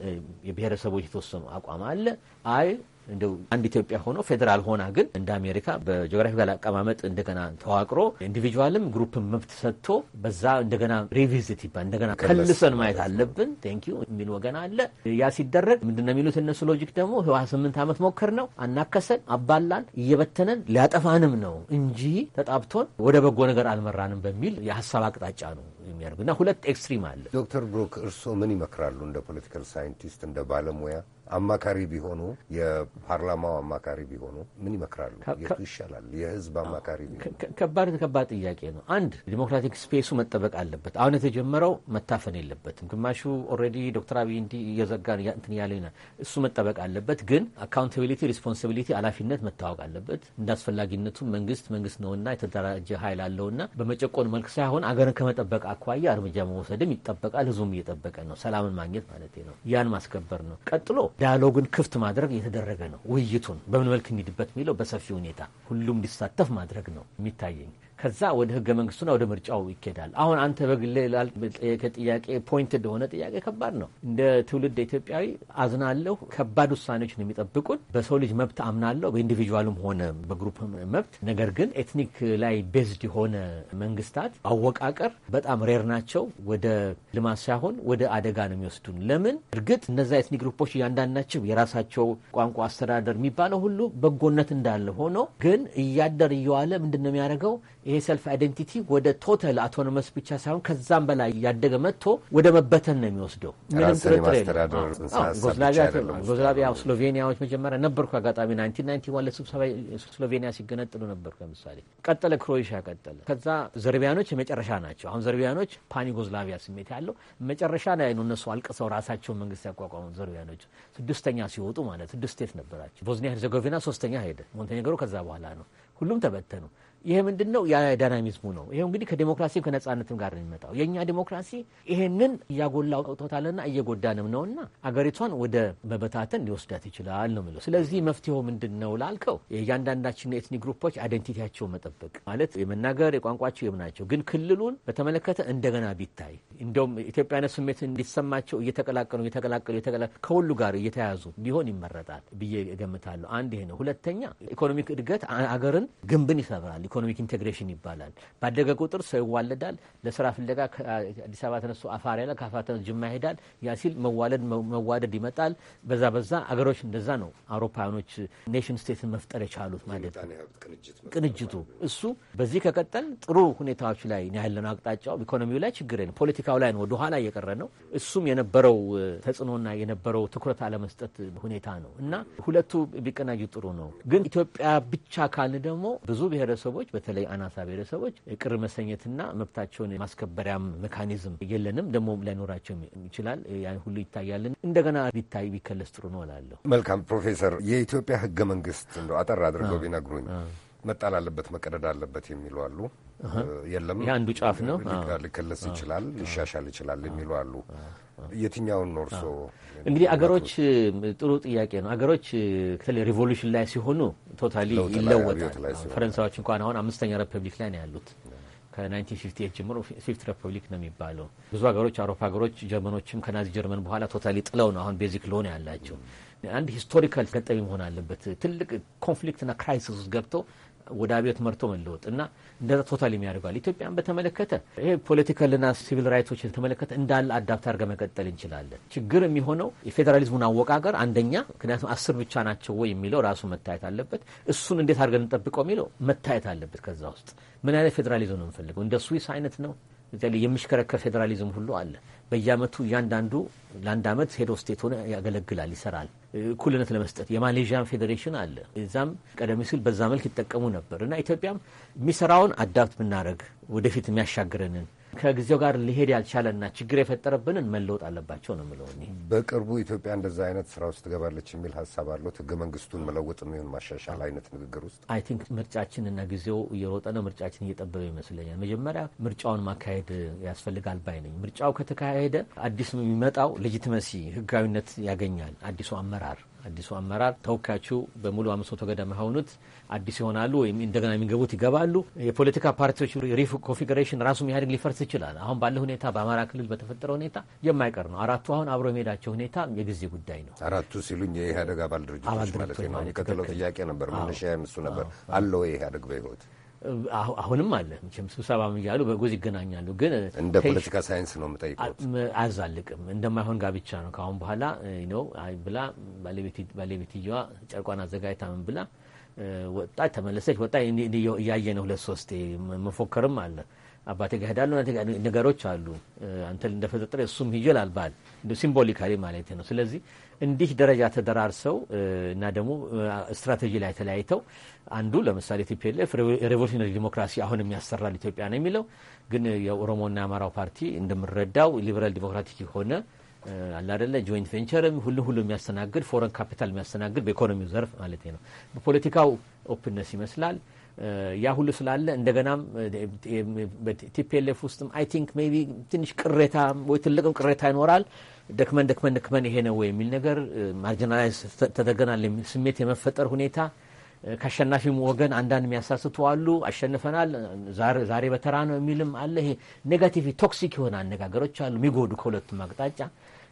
የብሔረሰቦች የተወሰኑ አቋም አለ አይ እንደው አንድ ኢትዮጵያ ሆኖ ፌዴራል ሆና ግን እንደ አሜሪካ ጋር አቀማመጥ እንደገና ተዋቅሮ ኢንዲቪጁዋልም ግሩፕን መብት ሰጥቶ በዛ እንደገና ሪቪዚት ይባል እንደገና ከልሰን ማየት አለብን ቴንክ ዩ የሚል ወገን አለ። ያ ሲደረግ ምንድነው የሚሉት እነሱ ሎጂክ ደግሞ ህዋ ስምንት ዓመት ሞከር ነው አናከሰን፣ አባላን፣ እየበተነን ሊያጠፋንም ነው እንጂ ተጣብቶን ወደ በጎ ነገር አልመራንም በሚል የሀሳብ አቅጣጫ ነው እና ሁለት ኤክስትሪም አለ። ዶክተር ብሩክ እርስዎ ምን ይመክራሉ እንደ ፖለቲካል ሳይንቲስት እንደ ባለሙያ? አማካሪ ቢሆኑ የፓርላማው አማካሪ ቢሆኑ ምን ይመክራሉ? የቱ ይሻላል? የህዝብ አማካሪ ቢሆኑ ከባድ ከባድ ጥያቄ ነው። አንድ ዲሞክራቲክ ስፔሱ መጠበቅ አለበት። አሁን የተጀመረው መታፈን የለበትም። ግማሹ ኦልሬዲ ዶክተር አብይ እንዲ እየዘጋ እንትን ያለ እሱ መጠበቅ አለበት። ግን አካውንታቢሊቲ፣ ሪስፖንሲቢሊቲ ኃላፊነት መታወቅ አለበት። እንደ አስፈላጊነቱ መንግስት መንግስት ነውና የተደራጀ ኃይል አለውና በመጨቆን መልክ ሳይሆን አገርን ከመጠበቅ አኳያ እርምጃ መውሰድም ይጠበቃል። ህዝቡም እየጠበቀ ነው። ሰላምን ማግኘት ማለት ነው። ያን ማስከበር ነው። ቀጥሎ ዳያሎግን ክፍት ማድረግ እየተደረገ ነው። ውይይቱን በምን መልክ እንሂድበት የሚለው በሰፊ ሁኔታ ሁሉም እንዲሳተፍ ማድረግ ነው የሚታየኝ። ከዛ ወደ ህገ መንግስቱና ወደ ምርጫው ይኬዳል። አሁን አንተ በግሌ ላል ጥያቄ ፖይንት እንደሆነ ጥያቄ ከባድ ነው። እንደ ትውልድ ኢትዮጵያዊ አዝናለሁ። ከባድ ውሳኔዎች ነው የሚጠብቁን። በሰው ልጅ መብት አምናለሁ፣ በኢንዲቪዥዋልም ሆነ በግሩፕ መብት። ነገር ግን ኤትኒክ ላይ ቤዝድ የሆነ መንግስታት አወቃቀር በጣም ሬር ናቸው። ወደ ልማት ሳይሆን ወደ አደጋ ነው የሚወስዱን። ለምን? እርግጥ እነዛ ኤትኒክ ግሩፖች እያንዳንዳቸው የራሳቸው ቋንቋ፣ አስተዳደር የሚባለው ሁሉ በጎነት እንዳለ ሆኖ ግን እያደር እየዋለ ምንድን ነው የሚያደርገው ይሄ ሰልፍ አይደንቲቲ ወደ ቶታል አውቶኖመስ ብቻ ሳይሆን ከዛም በላይ ያደገ መጥቶ ወደ መበተን ነው የሚወስደው። ምንም ጥርጥር የለም። ስሎቬኒያዎች መጀመሪያ ነበርኩ። አጋጣሚ ለስብሰባ ስሎቬኒያ ሲገነጥሉ ነበርኩ። ለምሳሌ ቀጠለ፣ ክሮኤሽያ ቀጠለ። ከዛ ዘርቢያኖች የመጨረሻ ናቸው። አሁን ዘርቢያኖች ፓኒ ጎዝላቪያ ስሜት ያለው መጨረሻ ላይ ነው። እነሱ አልቅሰው ራሳቸውን መንግስት ያቋቋሙ ዘርቢያኖች ስድስተኛ ሲወጡ ማለት ስድስት ስቴት ነበራቸው። ቦዝኒያ ሄርዘጎቪና ሶስተኛ ሄደ። ሞንቴኔግሮ ከዛ በኋላ ነው። ሁሉም ተበተኑ። ይሄ ምንድን ነው? የዳይናሚዝሙ ነው። ይሄ እንግዲህ ከዴሞክራሲ ከነጻነትም ጋር ነው የሚመጣው። የእኛ ዴሞክራሲ ይሄንን እያጎላ አውጥቶታልና እየጎዳንም ነውና አገሪቷን ወደ መበታተን ሊወስዳት ይችላል ነው የሚለው። ስለዚህ መፍትሄው ምንድን ነው ላልከው የእያንዳንዳችን የኤትኒክ ግሩፖች አይደንቲቲያቸው መጠበቅ ማለት የመናገር የቋንቋቸው የምናቸው፣ ግን ክልሉን በተመለከተ እንደገና ቢታይ እንደውም ኢትዮጵያነት ስሜት እንዲሰማቸው እየተቀላቀሉ እየተቀላቀሉ ከሁሉ ጋር እየተያያዙ ቢሆን ይመረጣል ብዬ እገምታለሁ። አንድ ይሄ ነው። ሁለተኛ ኢኮኖሚክ እድገት አገርን ግንብን ይሰብራል። ኢኮኖሚክ ኢንቴግሬሽን ይባላል። ባደገ ቁጥር ሰው ይዋለዳል። ለስራ ፍለጋ ከአዲስ አበባ ተነስቶ አፋር ያለ ከአፋር ተነስቶ ጅማ ይሄዳል። ያ ሲል መዋለድ መዋደድ ይመጣል። በዛ በዛ አገሮች እንደዛ ነው። አውሮፓውያኖች ኔሽን ስቴትን መፍጠር የቻሉት ማለት ነው። ቅንጅቱ እሱ በዚህ ከቀጠል ጥሩ ሁኔታዎች ላይ ያለነው አቅጣጫው ኢኮኖሚው ላይ ችግር ነው። ፖለቲካው ላይ ነው ወደኋላ እየቀረ ነው። እሱም የነበረው ተጽዕኖና የነበረው ትኩረት አለመስጠት ሁኔታ ነው እና ሁለቱ ቢቀናጁ ጥሩ ነው። ግን ኢትዮጵያ ብቻ ካልን ደግሞ ብዙ ብሔረሰቦች ብሔረሰቦች በተለይ አናሳ ብሔረሰቦች ቅር መሰኘትና መብታቸውን ማስከበሪያ ሜካኒዝም የለንም። ደግሞ ላይኖራቸው ይችላል። ያን ሁሉ ይታያልን። እንደገና ቢታይ ቢከለስ ጥሩ ነው እላለሁ። መልካም ፕሮፌሰር፣ የኢትዮጵያ ህገ መንግስት እንደ አጠር አድርገው ቢነግሩኝ መጣል አለበት መቀደድ አለበት የሚሉ አሉ። የለም አንዱ ጫፍ ነው፣ ሊከለስ ይችላል፣ ሊሻሻል ይችላል የሚሉ አሉ። የትኛውን ነው እርሶ? እንግዲህ አገሮች ጥሩ ጥያቄ ነው። አገሮች በተለይ ሪቮሉሽን ላይ ሲሆኑ ቶታሊ ይለወጣል። ፈረንሳዮች እንኳን አሁን አምስተኛ ሪፐብሊክ ላይ ነው ያሉት ከ1958 ጀምሮ ፊፍት ሪፐብሊክ ነው የሚባለው። ብዙ ሀገሮች አውሮፓ ሀገሮች፣ ጀርመኖችም ከናዚ ጀርመን በኋላ ቶታሊ ጥለው ነው አሁን ቤዚክ ሎን ያላቸው። አንድ ሂስቶሪካል ገጠሚ መሆን አለበት። ትልቅ ኮንፍሊክትና ክራይሲስ ውስጥ ገብተው ወደ አብዮት መርቶ መለወጥ እና እንደዛ ቶታል የሚያደርገዋል። ኢትዮጵያን በተመለከተ ይሄ ፖለቲካልና ሲቪል ራይቶች የተመለከተ እንዳለ አዳፕት አድርገ መቀጠል እንችላለን። ችግር የሚሆነው የፌዴራሊዝሙን አወቃቀር አንደኛ፣ ምክንያቱም አስር ብቻ ናቸው ወይ የሚለው ራሱ መታየት አለበት። እሱን እንዴት አድርገን እንጠብቀው የሚለው መታየት አለበት። ከዛ ውስጥ ምን አይነት ፌዴራሊዝም ነው የምፈልገው? እንደ ስዊስ አይነት ነው የሚሽከረከር ፌዴራሊዝም ሁሉ አለ። በየአመቱ እያንዳንዱ ለአንድ አመት ሄድ ኦፍ ስቴት ሆነ ያገለግላል፣ ይሰራል። እኩልነት ለመስጠት የማሌዥያን ፌዴሬሽን አለ። እዛም ቀደም ሲል በዛ መልክ ይጠቀሙ ነበር እና ኢትዮጵያም የሚሰራውን አዳፕት ብናደረግ ወደፊት የሚያሻግረንን ከጊዜው ጋር ሊሄድ ያልቻለና ችግር የፈጠረብንን መለወጥ አለባቸው ነው የምለው። በቅርቡ ኢትዮጵያ እንደዛ አይነት ስራ ውስጥ ትገባለች የሚል ሀሳብ አለት ህገ መንግስቱን መለወጥ የሚሆን ማሻሻል አይነት ንግግር ውስጥ አይ ቲንክ ምርጫችንና ጊዜው እየሮጠ ነው። ምርጫችን እየጠበበ ይመስለኛል። መጀመሪያ ምርጫውን ማካሄድ ያስፈልጋል ባይ ነኝ። ምርጫው ከተካሄደ አዲስ የሚመጣው ሌጂትመሲ ህጋዊነት ያገኛል አዲሱ አመራር አዲሱ አመራር ተወካዮቹ በሙሉ አምስት መቶ ገደማ የሆኑት አዲስ ይሆናሉ ወይም እንደገና የሚገቡት ይገባሉ። የፖለቲካ ፓርቲዎች ኮንፊግሬሽን ራሱም ኢህአዴግ ሊፈርስ ይችላል። አሁን ባለ ሁኔታ በአማራ ክልል በተፈጠረ ሁኔታ የማይቀር ነው። አራቱ አሁን አብሮ የሚሄዳቸው ሁኔታ የጊዜ ጉዳይ ነው። አራቱ ሲሉኝ የኢህአዴግ አባል ድርጅቶች ማለት ነው። የሚቀጥለው ጥያቄ ነበር መነሻ የምሱ ነበር አለው የኢህአዴግ በህይወት አሁንም አለ መቼም ስብሰባም እያሉ በጎዝ ይገናኛሉ። ግን እንደ ፖለቲካ ሳይንስ ነው የምጠይቀው። አያዛልቅም እንደማይሆን ጋብቻ ነው። ከአሁን በኋላ ነው ብላ ባለቤትየዋ ጨርቋን አዘጋጅታ ምን ብላ ወጣ ተመለሰች፣ ወጣ እያየ ነው ሁለት ሶስት መፎከርም አለ። አባቴ ጋር እሄዳለሁ ነገሮች አሉ። አንተ እንደፈጠጠረ እሱም ሂጀል አልባል ሲምቦሊካሊ ማለት ነው። ስለዚህ እንዲህ ደረጃ ተደራርሰው እና ደግሞ ስትራቴጂ ላይ ተለያይተው አንዱ ለምሳሌ ቲፒኤልኤፍ ሬቮሉሽነሪ ዲሞክራሲ አሁንም ያሰራል ኢትዮጵያ ነው የሚለው ግን የኦሮሞና የአማራው ፓርቲ እንደምረዳው ሊበራል ዲሞክራቲክ የሆነ አላደለ ጆይንት ቬንቸርም ሁሉ ሁሉ የሚያስተናግድ ፎረን ካፒታል የሚያስተናግድ በኢኮኖሚው ዘርፍ ማለት ነው። በፖለቲካው ኦፕንነስ ይመስላል ያ ሁሉ ስላለ እንደገናም በቲፒኤልኤፍ ውስጥም አይ ቲንክ ሜይ ቢ ትንሽ ቅሬታ ወይ ትልቅም ቅሬታ ይኖራል። ደክመን ደክመን ደክመን ይሄ ነው ወይ የሚል ነገር ማርጂናላይዝ ተደርገናል የሚል ስሜት የመፈጠር ሁኔታ ከአሸናፊም ወገን አንዳንድ የሚያሳስቱ አሉ። አሸንፈናል፣ ዛሬ በተራ ነው የሚልም አለ። ይሄ ኔጋቲቭ ቶክሲክ የሆነ አነጋገሮች አሉ የሚጎዱ ከሁለቱም አቅጣጫ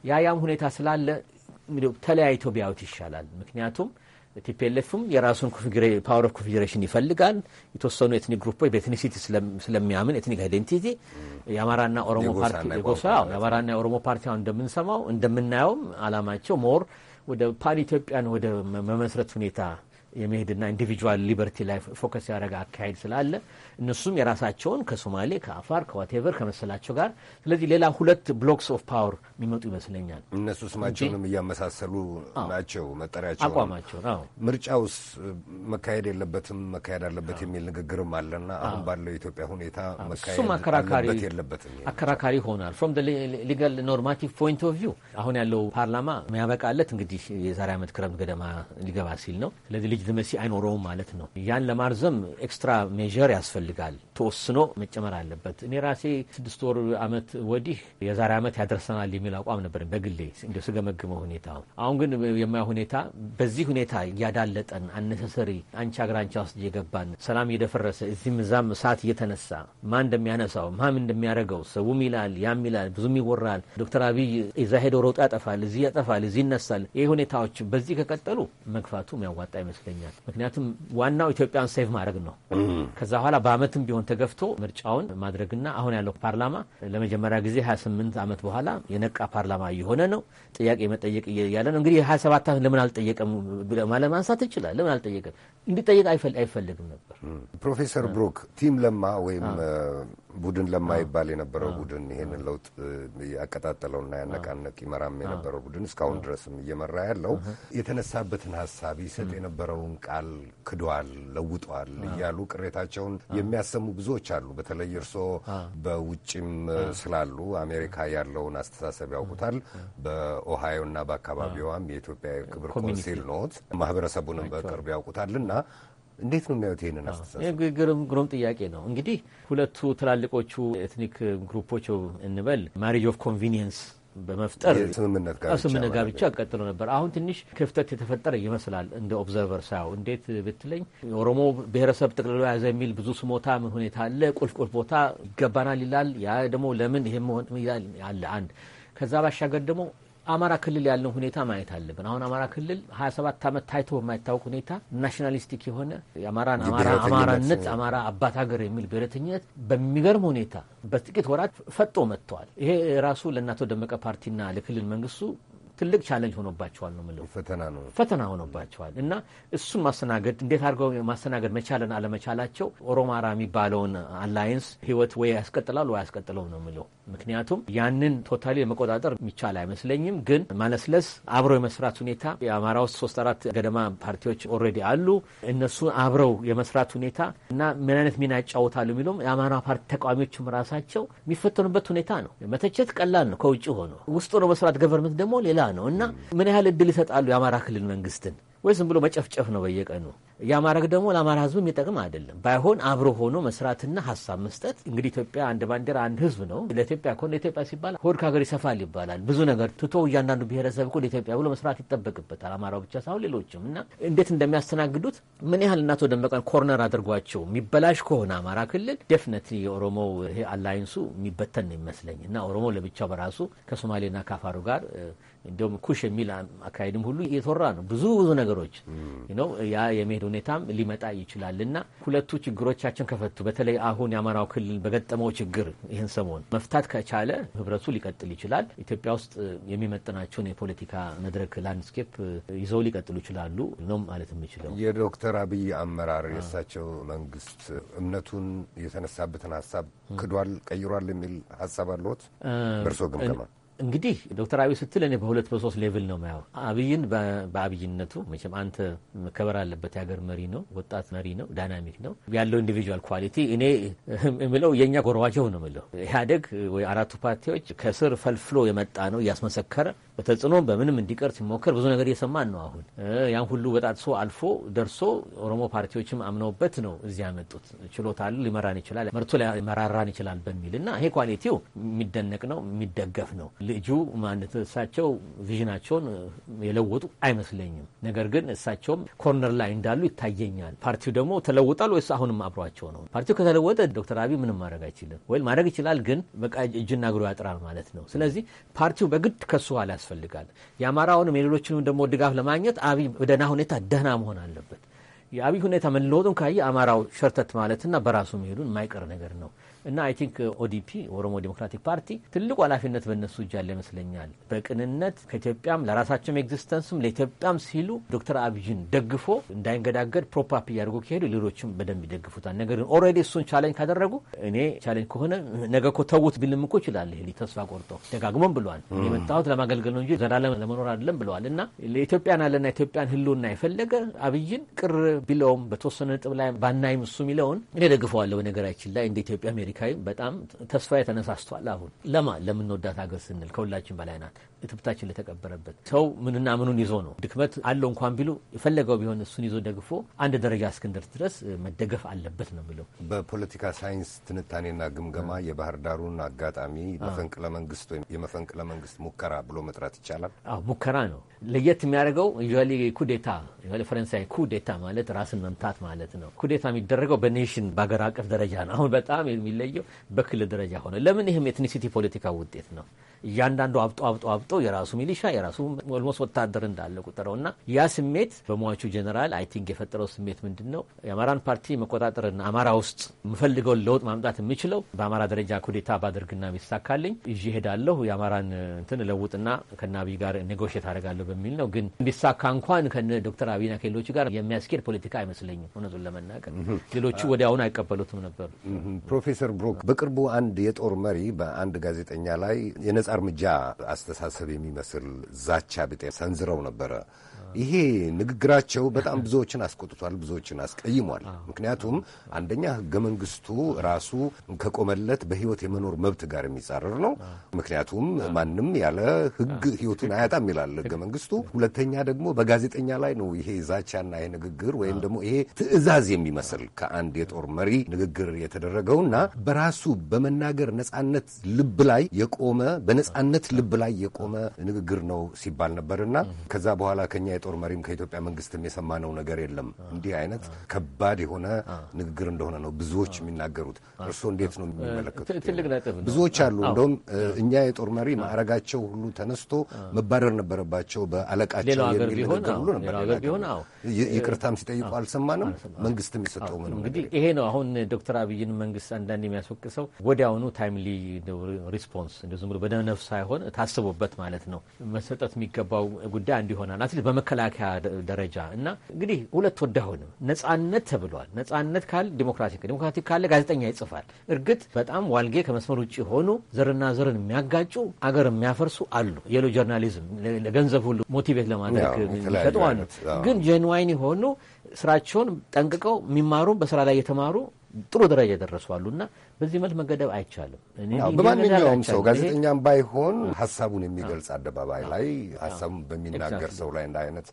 ያያም ሁኔታ ስላለ ተለያይቶ ቢያዩት ይሻላል። ምክንያቱም ቲፒኤልኤፍም የራሱን ፓወር ኦፍ ኮንፊግሬሽን ይፈልጋል። የተወሰኑ ኤትኒክ ግሩፖች በኤትኒሲቲ ስለሚያምን ኤትኒክ አይደንቲቲ የአማራና ኦሮሞ ፓርቲ የጎሳ የአማራና የኦሮሞ ፓርቲ አሁን እንደምንሰማው እንደምናየውም አላማቸው ሞር ወደ ፓን ኢትዮጵያን ወደ መመስረት ሁኔታ የመሄድና ኢንዲቪጁዋል ሊበርቲ ላይ ፎከስ ያደረገ አካሄድ ስላለ እነሱም የራሳቸውን ከሶማሌ፣ ከአፋር፣ ከዋቴቨር ከመሰላቸው ጋር ስለዚህ ሌላ ሁለት ብሎክስ ኦፍ ፓወር የሚመጡ ይመስለኛል። እነሱ ስማቸውንም እያመሳሰሉ ናቸው። መጠሪያቸው አቋማቸው ምርጫውስ መካሄድ የለበትም መካሄድ አለበት የሚል ንግግርም አለና አሁን ባለው የኢትዮጵያ ሁኔታ መካሄድ አለበት የለበትም አከራካሪ ሆናል። ፍሮም ሊጋል ኖርማቲቭ ፖይንት ኦፍ ቪው አሁን ያለው ፓርላማ የሚያበቃለት እንግዲህ የዛሬ ዓመት ክረምት ገደማ ሊገባ ሲል ነው። ስለዚህ ሊትመሲ አይኖረውም ማለት ነው። ያን ለማርዘም ኤክስትራ ሜዥር ያስፈልጋል፣ ተወስኖ መጨመር አለበት። እኔ ራሴ ስድስት ወር አመት ወዲህ የዛሬ አመት ያደርሰናል የሚል አቋም ነበር በግሌ እንደ ስገመግመው ሁኔታ። አሁን ግን የማያ ሁኔታ በዚህ ሁኔታ እያዳለጠን አነሰሰሪ አንቺ ሀገር አንቺ ውስጥ እየገባን ሰላም እየደፈረሰ እዚህም እዛም እሳት እየተነሳ ማን እንደሚያነሳው ማም እንደሚያደርገው ሰውም ይላል ያም ይላል ብዙም ይወራል። ዶክተር አብይ እዛ ሄዶ ሮጦ ያጠፋል፣ እዚህ ያጠፋል፣ እዚህ ይነሳል። ይህ ሁኔታዎች በዚህ ከቀጠሉ መግፋቱ የሚያዋጣ አይመስለኝ ይመስለኛል። ምክንያቱም ዋናው ኢትዮጵያን ሴቭ ማድረግ ነው። ከዛ በኋላ በአመትም ቢሆን ተገፍቶ ምርጫውን ማድረግና አሁን ያለው ፓርላማ ለመጀመሪያ ጊዜ 28 ዓመት በኋላ የነቃ ፓርላማ እየሆነ ነው። ጥያቄ መጠየቅ እያለ ነው። እንግዲህ የ27 ዓመት ለምን አልጠየቀም ማለት ማንሳት ይችላል። ለምን አልጠየቀም? እንዲጠየቅ አይፈልግም ነበር። ፕሮፌሰር ብሩክ ቲም ለማ ወይም ቡድን ለማይባል የነበረው ቡድን ይሄንን ለውጥ ያቀጣጠለውና ያነቃነቅ ይመራም የነበረው ቡድን እስካሁን ድረስም እየመራ ያለው የተነሳበትን ሀሳብ ይሰጥ የነበረውን ቃል ክዷል፣ ለውጧል እያሉ ቅሬታቸውን የሚያሰሙ ብዙዎች አሉ። በተለይ እርስዎ በውጭም ስላሉ አሜሪካ ያለውን አስተሳሰብ ያውቁታል። በኦሃዮና በአካባቢዋም የኢትዮጵያ ክብር ኮንሲል ኖት ማህበረሰቡንም በቅርብ ያውቁታል እና እንዴት ነው የሚያዩት ይህንን አስተሳሰብ? ግሩም ጥያቄ ነው። እንግዲህ ሁለቱ ትላልቆቹ ኤትኒክ ግሩፖች እንበል ማሪጅ ኦፍ ኮንቪኒየንስ በመፍጠር ስምምነት ጋር ብቻ ቀጥሎ ነበር። አሁን ትንሽ ክፍተት የተፈጠረ ይመስላል እንደ ኦብዘርቨር ሳያው እንዴት ብትለኝ ኦሮሞ ብሔረሰብ ጠቅልሎ ያዘ የሚል ብዙ ስሞታ ሁኔታ አለ። ቁልፍ ቁልፍ ቦታ ይገባናል ይላል። ያ ደግሞ ለምን ይሄ ይላል አለ አንድ ከዛ ባሻገር ደግሞ አማራ ክልል ያለው ሁኔታ ማየት አለብን። አሁን አማራ ክልል ሰባት ዓመት ታይቶ በማይታወቅ ሁኔታ ናሽናሊስቲክ የሆነ አማራነት አማራ አባት ሀገር የሚል ብሔረተኝነት በሚገርም ሁኔታ በጥቂት ወራት ፈጦ መጥተዋል። ይሄ ራሱ ለእናቶ ደመቀ ፓርቲና ለክልል መንግስቱ ትልቅ ቻለንጅ ሆኖባቸዋል ነው የምለው። ፈተና ነው ፈተና ሆኖባቸዋል እና እሱን ማስተናገድ እንዴት አድርገው ማስተናገድ መቻለን አለመቻላቸው ኦሮማራ የሚባለውን አላየንስ ህይወት ወይ ያስቀጥላል ወይ ያስቀጥለው ነው የምለው። ምክንያቱም ያንን ቶታሊ ለመቆጣጠር የሚቻል አይመስለኝም። ግን ማለስለስ አብረው የመስራት ሁኔታ የአማራ ውስጥ ሶስት አራት ገደማ ፓርቲዎች ኦልሬዲ አሉ። እነሱ አብረው የመስራት ሁኔታ እና ምን አይነት ሚና ያጫወታሉ የሚለውም የአማራ ፓርቲ ተቃዋሚዎችም ራሳቸው የሚፈተኑበት ሁኔታ ነው። መተቸት ቀላል ነው ከውጭ ሆኖ፣ ውስጡ ነው መስራት ገቨርንመንት ደግሞ ሌላ ነው እና ምን ያህል እድል ይሰጣሉ የአማራ ክልል መንግስትን ወይ ዝም ብሎ መጨፍጨፍ ነው በየቀኑ ያ ማድረግ ደግሞ ለአማራ ህዝብ የሚጠቅም አይደለም። ባይሆን አብሮ ሆኖ መስራትና ሀሳብ መስጠት እንግዲህ ኢትዮጵያ አንድ ባንዲራ፣ አንድ ህዝብ ነው። ለኢትዮጵያ ከሆነ ኢትዮጵያ ሲባል ሆድ ከሀገር ይሰፋል ይባላል። ብዙ ነገር ትቶ እያንዳንዱ ብሔረሰብ እኮ ለኢትዮጵያ ብሎ መስራት ይጠበቅበታል። አማራው ብቻ ሳይሆን ሌሎችም እና እንዴት እንደሚያስተናግዱት ምን ያህል እናቶ ደመቀን ኮርነር አድርጓቸው የሚበላሽ ከሆነ አማራ ክልል ደፍነት የኦሮሞ አላይንሱ የሚበተን ነው ይመስለኝ እና ኦሮሞ ለብቻው በራሱ ከሶማሌና ከአፋሩ ጋር እንዲሁም ኩሽ የሚል አካሄድም ሁሉ እየተወራ ነው። ብዙ ብዙ ነገሮች ነው ያ የመሄድ ሁኔታም ሊመጣ ይችላል እና ሁለቱ ችግሮቻችን ከፈቱ በተለይ አሁን የአማራው ክልል በገጠመው ችግር ይህን ሰሞን መፍታት ከቻለ ህብረቱ ሊቀጥል ይችላል። ኢትዮጵያ ውስጥ የሚመጥናቸውን የፖለቲካ መድረክ ላንድስኬፕ ይዘው ሊቀጥሉ ይችላሉ ነው ማለት የምችለው። የዶክተር አብይ አመራር የእሳቸው መንግስት እምነቱን የተነሳበትን ሀሳብ ክዷል፣ ቀይሯል የሚል ሀሳብ አለዎት በእርሶ ግምገማ? እንግዲህ ዶክተር አብይ ስትል እኔ በሁለት በሶስት ሌቭል ነው ማየው። አብይን በአብይነቱ መቼም አንተ መከበር አለበት የሀገር መሪ ነው፣ ወጣት መሪ ነው፣ ዳይናሚክ ነው ያለው ኢንዲቪጁዋል ኳሊቲ። እኔ የምለው የእኛ ጎረዋጀው ነው የምለው ኢህአዴግ ወይ አራቱ ፓርቲዎች ከስር ፈልፍሎ የመጣ ነው እያስመሰከረ በተጽዕኖ በምንም እንዲቀር ሲሞከር ብዙ ነገር እየሰማን ነው። አሁን ያን ሁሉ በጣጥሶ አልፎ ደርሶ ኦሮሞ ፓርቲዎችም አምነውበት ነው እዚያ ያመጡት። ችሎታ አሉ ሊመራን ይችላል መርቶ ሊመራራን ይችላል በሚል እና ይሄ ኳሊቲው የሚደነቅ ነው የሚደገፍ ነው። ልጁ ማለት እሳቸው ቪዥናቸውን የለወጡ አይመስለኝም። ነገር ግን እሳቸውም ኮርነር ላይ እንዳሉ ይታየኛል። ፓርቲው ደግሞ ተለውጣል ወይስ አሁንም አብሯቸው ነው? ፓርቲው ከተለወጠ ዶክተር አብይ ምንም ማድረግ አይችልም፣ ወይም ማድረግ ይችላል፣ ግን በቃ እጅና እግሩ ያጥራል ማለት ነው። ስለዚህ ፓርቲው በግድ ከሱ ኋላ ያስፈልጋል። የአማራውንም የሌሎችንም ደግሞ ድጋፍ ለማግኘት አብይ በደህና ሁኔታ ደህና መሆን አለበት። የአብይ ሁኔታ መለወጡን ካየ አማራው ሸርተት ማለትና በራሱ መሄዱን የማይቀር ነገር ነው። እና አይ ቲንክ ኦዲፒ ኦሮሞ ዴሞክራቲክ ፓርቲ ትልቁ ኃላፊነት በእነሱ እጅ ያለ ይመስለኛል። በቅንነት ከኢትዮጵያም ለራሳቸውም ኤግዚስተንስም ለኢትዮጵያም ሲሉ ዶክተር አብይን ደግፎ እንዳይንገዳገድ ፕሮፓፕ እያደርጉ ከሄዱ ሌሎችም በደንብ ይደግፉታል። ነገር ግን ኦልሬዲ እሱን ቻለንጅ ካደረጉ እኔ ቻለንጅ ከሆነ ነገ እኮ ተዉት ቢልም እኮ ይችላል። ይህ ተስፋ ቆርጦ ደጋግሞም ብለዋል። የመጣሁት ለማገልገል ነው እንጂ ዘላለም ለመኖር አይደለም ብለዋል እና ለኢትዮጵያን አለና ኢትዮጵያን ህልውና የፈለገ አብይን ቅር ቢለውም በተወሰነ ነጥብ ላይ ባናይም እሱ የሚለውን እኔ ደግፈዋለሁ። በነገራችን ላይ እንደ ኢትዮጵያ ፖለቲካዊም በጣም ተስፋ ተነሳስቷል። አሁን ለማ ለምንወዳት ሀገር ስንል ከሁላችን በላይ ናት። እትብታችን ለተቀበረበት ሰው ምንና ምኑን ይዞ ነው ድክመት አለው እንኳን ቢሉ የፈለገው ቢሆን እሱን ይዞ ደግፎ አንድ ደረጃ እስክንደርስ ድረስ መደገፍ አለበት ነው የሚለው። በፖለቲካ ሳይንስ ትንታኔና ግምገማ የባህር ዳሩን አጋጣሚ መፈንቅለ መንግስት ወይም የመፈንቅለ መንግስት ሙከራ ብሎ መጥራት ይቻላል። አዎ ሙከራ ነው። ለየት የሚያደርገው ኩዴታ ፈረንሳይ ኩዴታ ማለት ራስን መምታት ማለት ነው። ኩዴታ የሚደረገው በኔሽን በአገር አቀፍ ደረጃ ነው። አሁን በጣም የሚለየው በክልል ደረጃ ሆነ። ለምን? ይህም የኤትኒሲቲ ፖለቲካ ውጤት ነው። እያንዳንዱ አብጦ አብጦ አብጦ የሚሰጠው የራሱ ሚሊሻ የራሱ ኦልሞስት ወታደር እንዳለ ቁጥረው እና ያ ስሜት በሟቹ ጀነራል አይ ቲንክ የፈጠረው ስሜት ምንድን ነው? የአማራን ፓርቲ መቆጣጠርና አማራ ውስጥ የምፈልገውን ለውጥ ማምጣት የምችለው በአማራ ደረጃ ኩዴታ ባደርግና ሚሳካልኝ ይዤ እሄዳለሁ የአማራን እንትን ለውጥና ከናቢ ጋር ኔጎሽት አደርጋለሁ በሚል ነው። ግን እንዲሳካ እንኳን ከነ ዶክተር አብይና ከሌሎች ጋር የሚያስኬድ ፖለቲካ አይመስለኝም። እውነቱን ለመናገር ሌሎቹ ወዲያውኑ አይቀበሉትም ነበሩ። ፕሮፌሰር ብሮክ በቅርቡ አንድ የጦር መሪ በአንድ ጋዜጠኛ ላይ የነጻ እርምጃ አስተሳሰብ የሚመስል ዛቻ ብጤ ሰንዝረው ነበረ። ይሄ ንግግራቸው በጣም ብዙዎችን አስቆጥቷል፣ ብዙዎችን አስቀይሟል። ምክንያቱም አንደኛ ህገ መንግስቱ ራሱ ከቆመለት በህይወት የመኖር መብት ጋር የሚጻረር ነው። ምክንያቱም ማንም ያለ ህግ ህይወቱን አያጣም ይላል ህገ መንግስቱ። ሁለተኛ ደግሞ በጋዜጠኛ ላይ ነው ይሄ ዛቻና ይሄ ንግግር ወይም ደግሞ ይሄ ትዕዛዝ የሚመስል ከአንድ የጦር መሪ ንግግር የተደረገውና በራሱ በመናገር ነጻነት ልብ ላይ የቆመ በነጻነት ልብ ላይ የቆመ ንግግር ነው ሲባል ነበርና ከዛ በኋላ ከኛ የጦር መሪም ከኢትዮጵያ መንግስትም የሰማነው ነገር የለም። እንዲህ አይነት ከባድ የሆነ ንግግር እንደሆነ ነው ብዙዎች የሚናገሩት። እርስዎ እንዴት ነው የሚመለከቱት? ብዙዎች አሉ እንደውም እኛ የጦር መሪ ማዕረጋቸው ሁሉ ተነስቶ መባረር ነበረባቸው በአለቃቸው የሚል ነገር ሁሉ ነበር። ይቅርታም ሲጠይቁ አልሰማንም። መንግስት የሰጠው ምንም እንግዲህ ይሄ ነው። አሁን ዶክተር አብይን መንግስት አንዳንድ የሚያስወቅሰው ወዲያውኑ ታይምሊ ሪስፖንስ እንደዚም ብሎ በደመነፍስ ሳይሆን ታስቦበት ማለት ነው መሰጠት የሚገባው ጉዳይ እንዲሆናል አትሊስት መከላከያ ደረጃ እና እንግዲህ ሁለት ወደ አሁንም ነጻነት ተብሏል። ነጻነት ካል ዲሞክራቲ ዲሞክራቲ ካለ ጋዜጠኛ ይጽፋል። እርግጥ በጣም ዋልጌ ከመስመር ውጭ የሆኑ ዘርና ዘርን የሚያጋጩ አገር የሚያፈርሱ አሉ። የሎ ጆርናሊዝም ለገንዘብ ሁሉ ሞቲቬት ለማድረግ የሚሰጡ አሉ። ግን ጀንዋይን የሆኑ ስራቸውን ጠንቅቀው የሚማሩ በስራ ላይ የተማሩ ጥሩ ደረጃ የደረሱ አሉና በዚህ መልክ መገደብ አይቻልም። በማንኛውም ሰው ጋዜጠኛም ባይሆን ሀሳቡን የሚገልጽ አደባባይ ላይ ሀሳቡን በሚናገር ሰው ላይ እንደ አይነት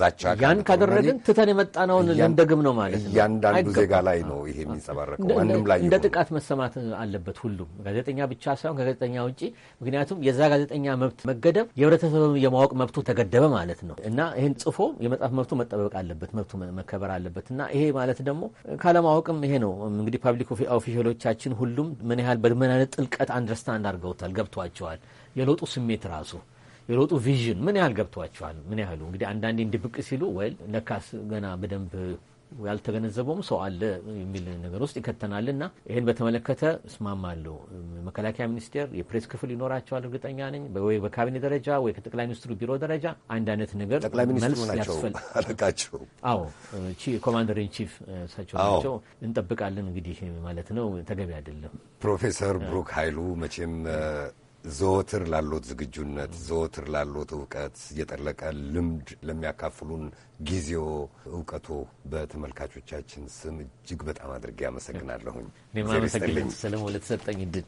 ዛቻ ያን ካደረግን ትተን የመጣነውን ልንደግም ነው ማለት ነው። እያንዳንዱ ዜጋ ላይ ነው ይሄ የሚንጸባረቀው፣ ማንም ላይ እንደ ጥቃት መሰማት አለበት። ሁሉም ጋዜጠኛ ብቻ ሳይሆን ከጋዜጠኛ ውጭ፣ ምክንያቱም የዛ ጋዜጠኛ መብት መገደብ የህብረተሰብ የማወቅ መብቱ ተገደበ ማለት ነው እና ይህን ጽፎ የመጻፍ መብቱ መጠበቅ አለበት፣ መብቱ መከበር አለበት እና ይሄ ማለት ደግሞ ካለማወቅም ይሄ ነው እንግዲህ ፓብሊክ ኦፊሻሎች መሪዎቻችን ሁሉም ምን ያህል በምን አይነት ጥልቀት አንደርስታንድ አድርገውታል፣ ገብቷቸዋል። የለውጡ ስሜት ራሱ የለውጡ ቪዥን ምን ያህል ገብቷቸዋል። ምን ያህሉ እንግዲህ አንዳንዴ እንድብቅ ሲሉ ወይ ለካስ ገና በደንብ ያልተገነዘበውም ሰው አለ የሚል ነገር ውስጥ ይከተናል እና ይህን በተመለከተ እስማማለሁ። መከላከያ ሚኒስቴር የፕሬስ ክፍል ይኖራቸዋል እርግጠኛ ነኝ። ወይ በካቢኔ ደረጃ ወይ ከጠቅላይ ሚኒስትሩ ቢሮ ደረጃ አንድ አይነት ነገር መልስ ያስፈልጋቸው። አዎ ኮማንደር ኢን ቺፍ እሳቸው ናቸው። እንጠብቃለን እንግዲህ ማለት ነው። ተገቢ አይደለም። ፕሮፌሰር ብሩክ ኃይሉ መቼም ዘወትር ላሎት ዝግጁነት፣ ዘወትር ላሎት እውቀት፣ የጠለቀ ልምድ ለሚያካፍሉን ጊዜው እውቀቶ በተመልካቾቻችን ስም እጅግ በጣም አድርጌ አመሰግናለሁኝ። እኔም አመሰግናለሁ ሰለሞን ለተሰጠኝ እድል።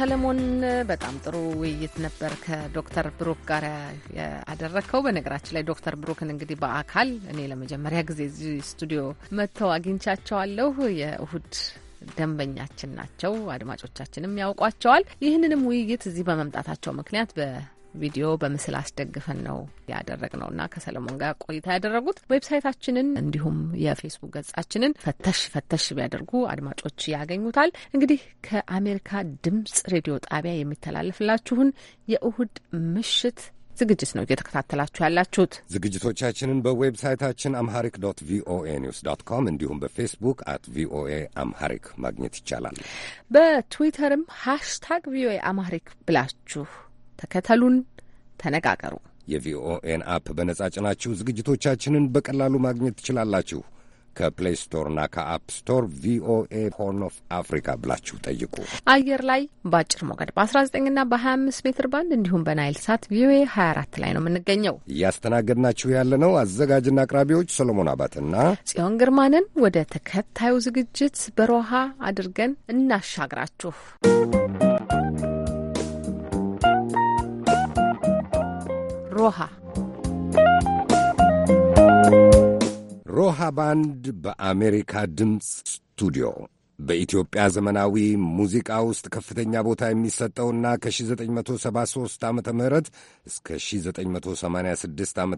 ሰለሞን በጣም ጥሩ ውይይት ነበር ከዶክተር ብሩክ ጋር ያደረግከው። በነገራችን ላይ ዶክተር ብሩክን እንግዲህ በአካል እኔ ለመጀመሪያ ጊዜ እዚህ ስቱዲዮ መጥተው አግኝቻቸዋለሁ። የእሁድ ደንበኛችን ናቸው፣ አድማጮቻችንም ያውቋቸዋል። ይህንንም ውይይት እዚህ በመምጣታቸው ምክንያት ቪዲዮ በምስል አስደግፈን ነው ያደረግነው እና ከሰለሞን ጋር ቆይታ ያደረጉት ዌብሳይታችንን እንዲሁም የፌስቡክ ገጻችንን ፈተሽ ፈተሽ ቢያደርጉ አድማጮች ያገኙታል። እንግዲህ ከአሜሪካ ድምጽ ሬዲዮ ጣቢያ የሚተላለፍላችሁን የእሁድ ምሽት ዝግጅት ነው እየተከታተላችሁ ያላችሁት። ዝግጅቶቻችንን በዌብሳይታችን አምሃሪክ ዶት ቪኦኤ ኒውስ ዶት ኮም እንዲሁም በፌስቡክ አት ቪኦኤ አምሃሪክ ማግኘት ይቻላል። በትዊተርም ሃሽታግ ቪኦኤ አምሃሪክ ብላችሁ ተከተሉን፣ ተነጋገሩ። የቪኦኤን አፕ በነጻ ጭናችሁ ዝግጅቶቻችንን በቀላሉ ማግኘት ትችላላችሁ። ከፕሌይ ስቶርና ከአፕ ስቶር ቪኦኤ ሆርን ኦፍ አፍሪካ ብላችሁ ጠይቁ። አየር ላይ በአጭር ሞገድ በ19ና በ25 ሜትር ባንድ እንዲሁም በናይል ሳት ቪኦኤ 24 ላይ ነው የምንገኘው። እያስተናገድናችሁ ያለነው አዘጋጅና አቅራቢዎች ሰሎሞን አባትና ጽዮን ግርማንን። ወደ ተከታዩ ዝግጅት በሮሃ አድርገን እናሻግራችሁ። ሮሃ ሮሃ ባንድ በአሜሪካ ድምፅ ስቱዲዮ በኢትዮጵያ ዘመናዊ ሙዚቃ ውስጥ ከፍተኛ ቦታ የሚሰጠውና ከ1973 ዓ ም እስከ 1986 ዓ ም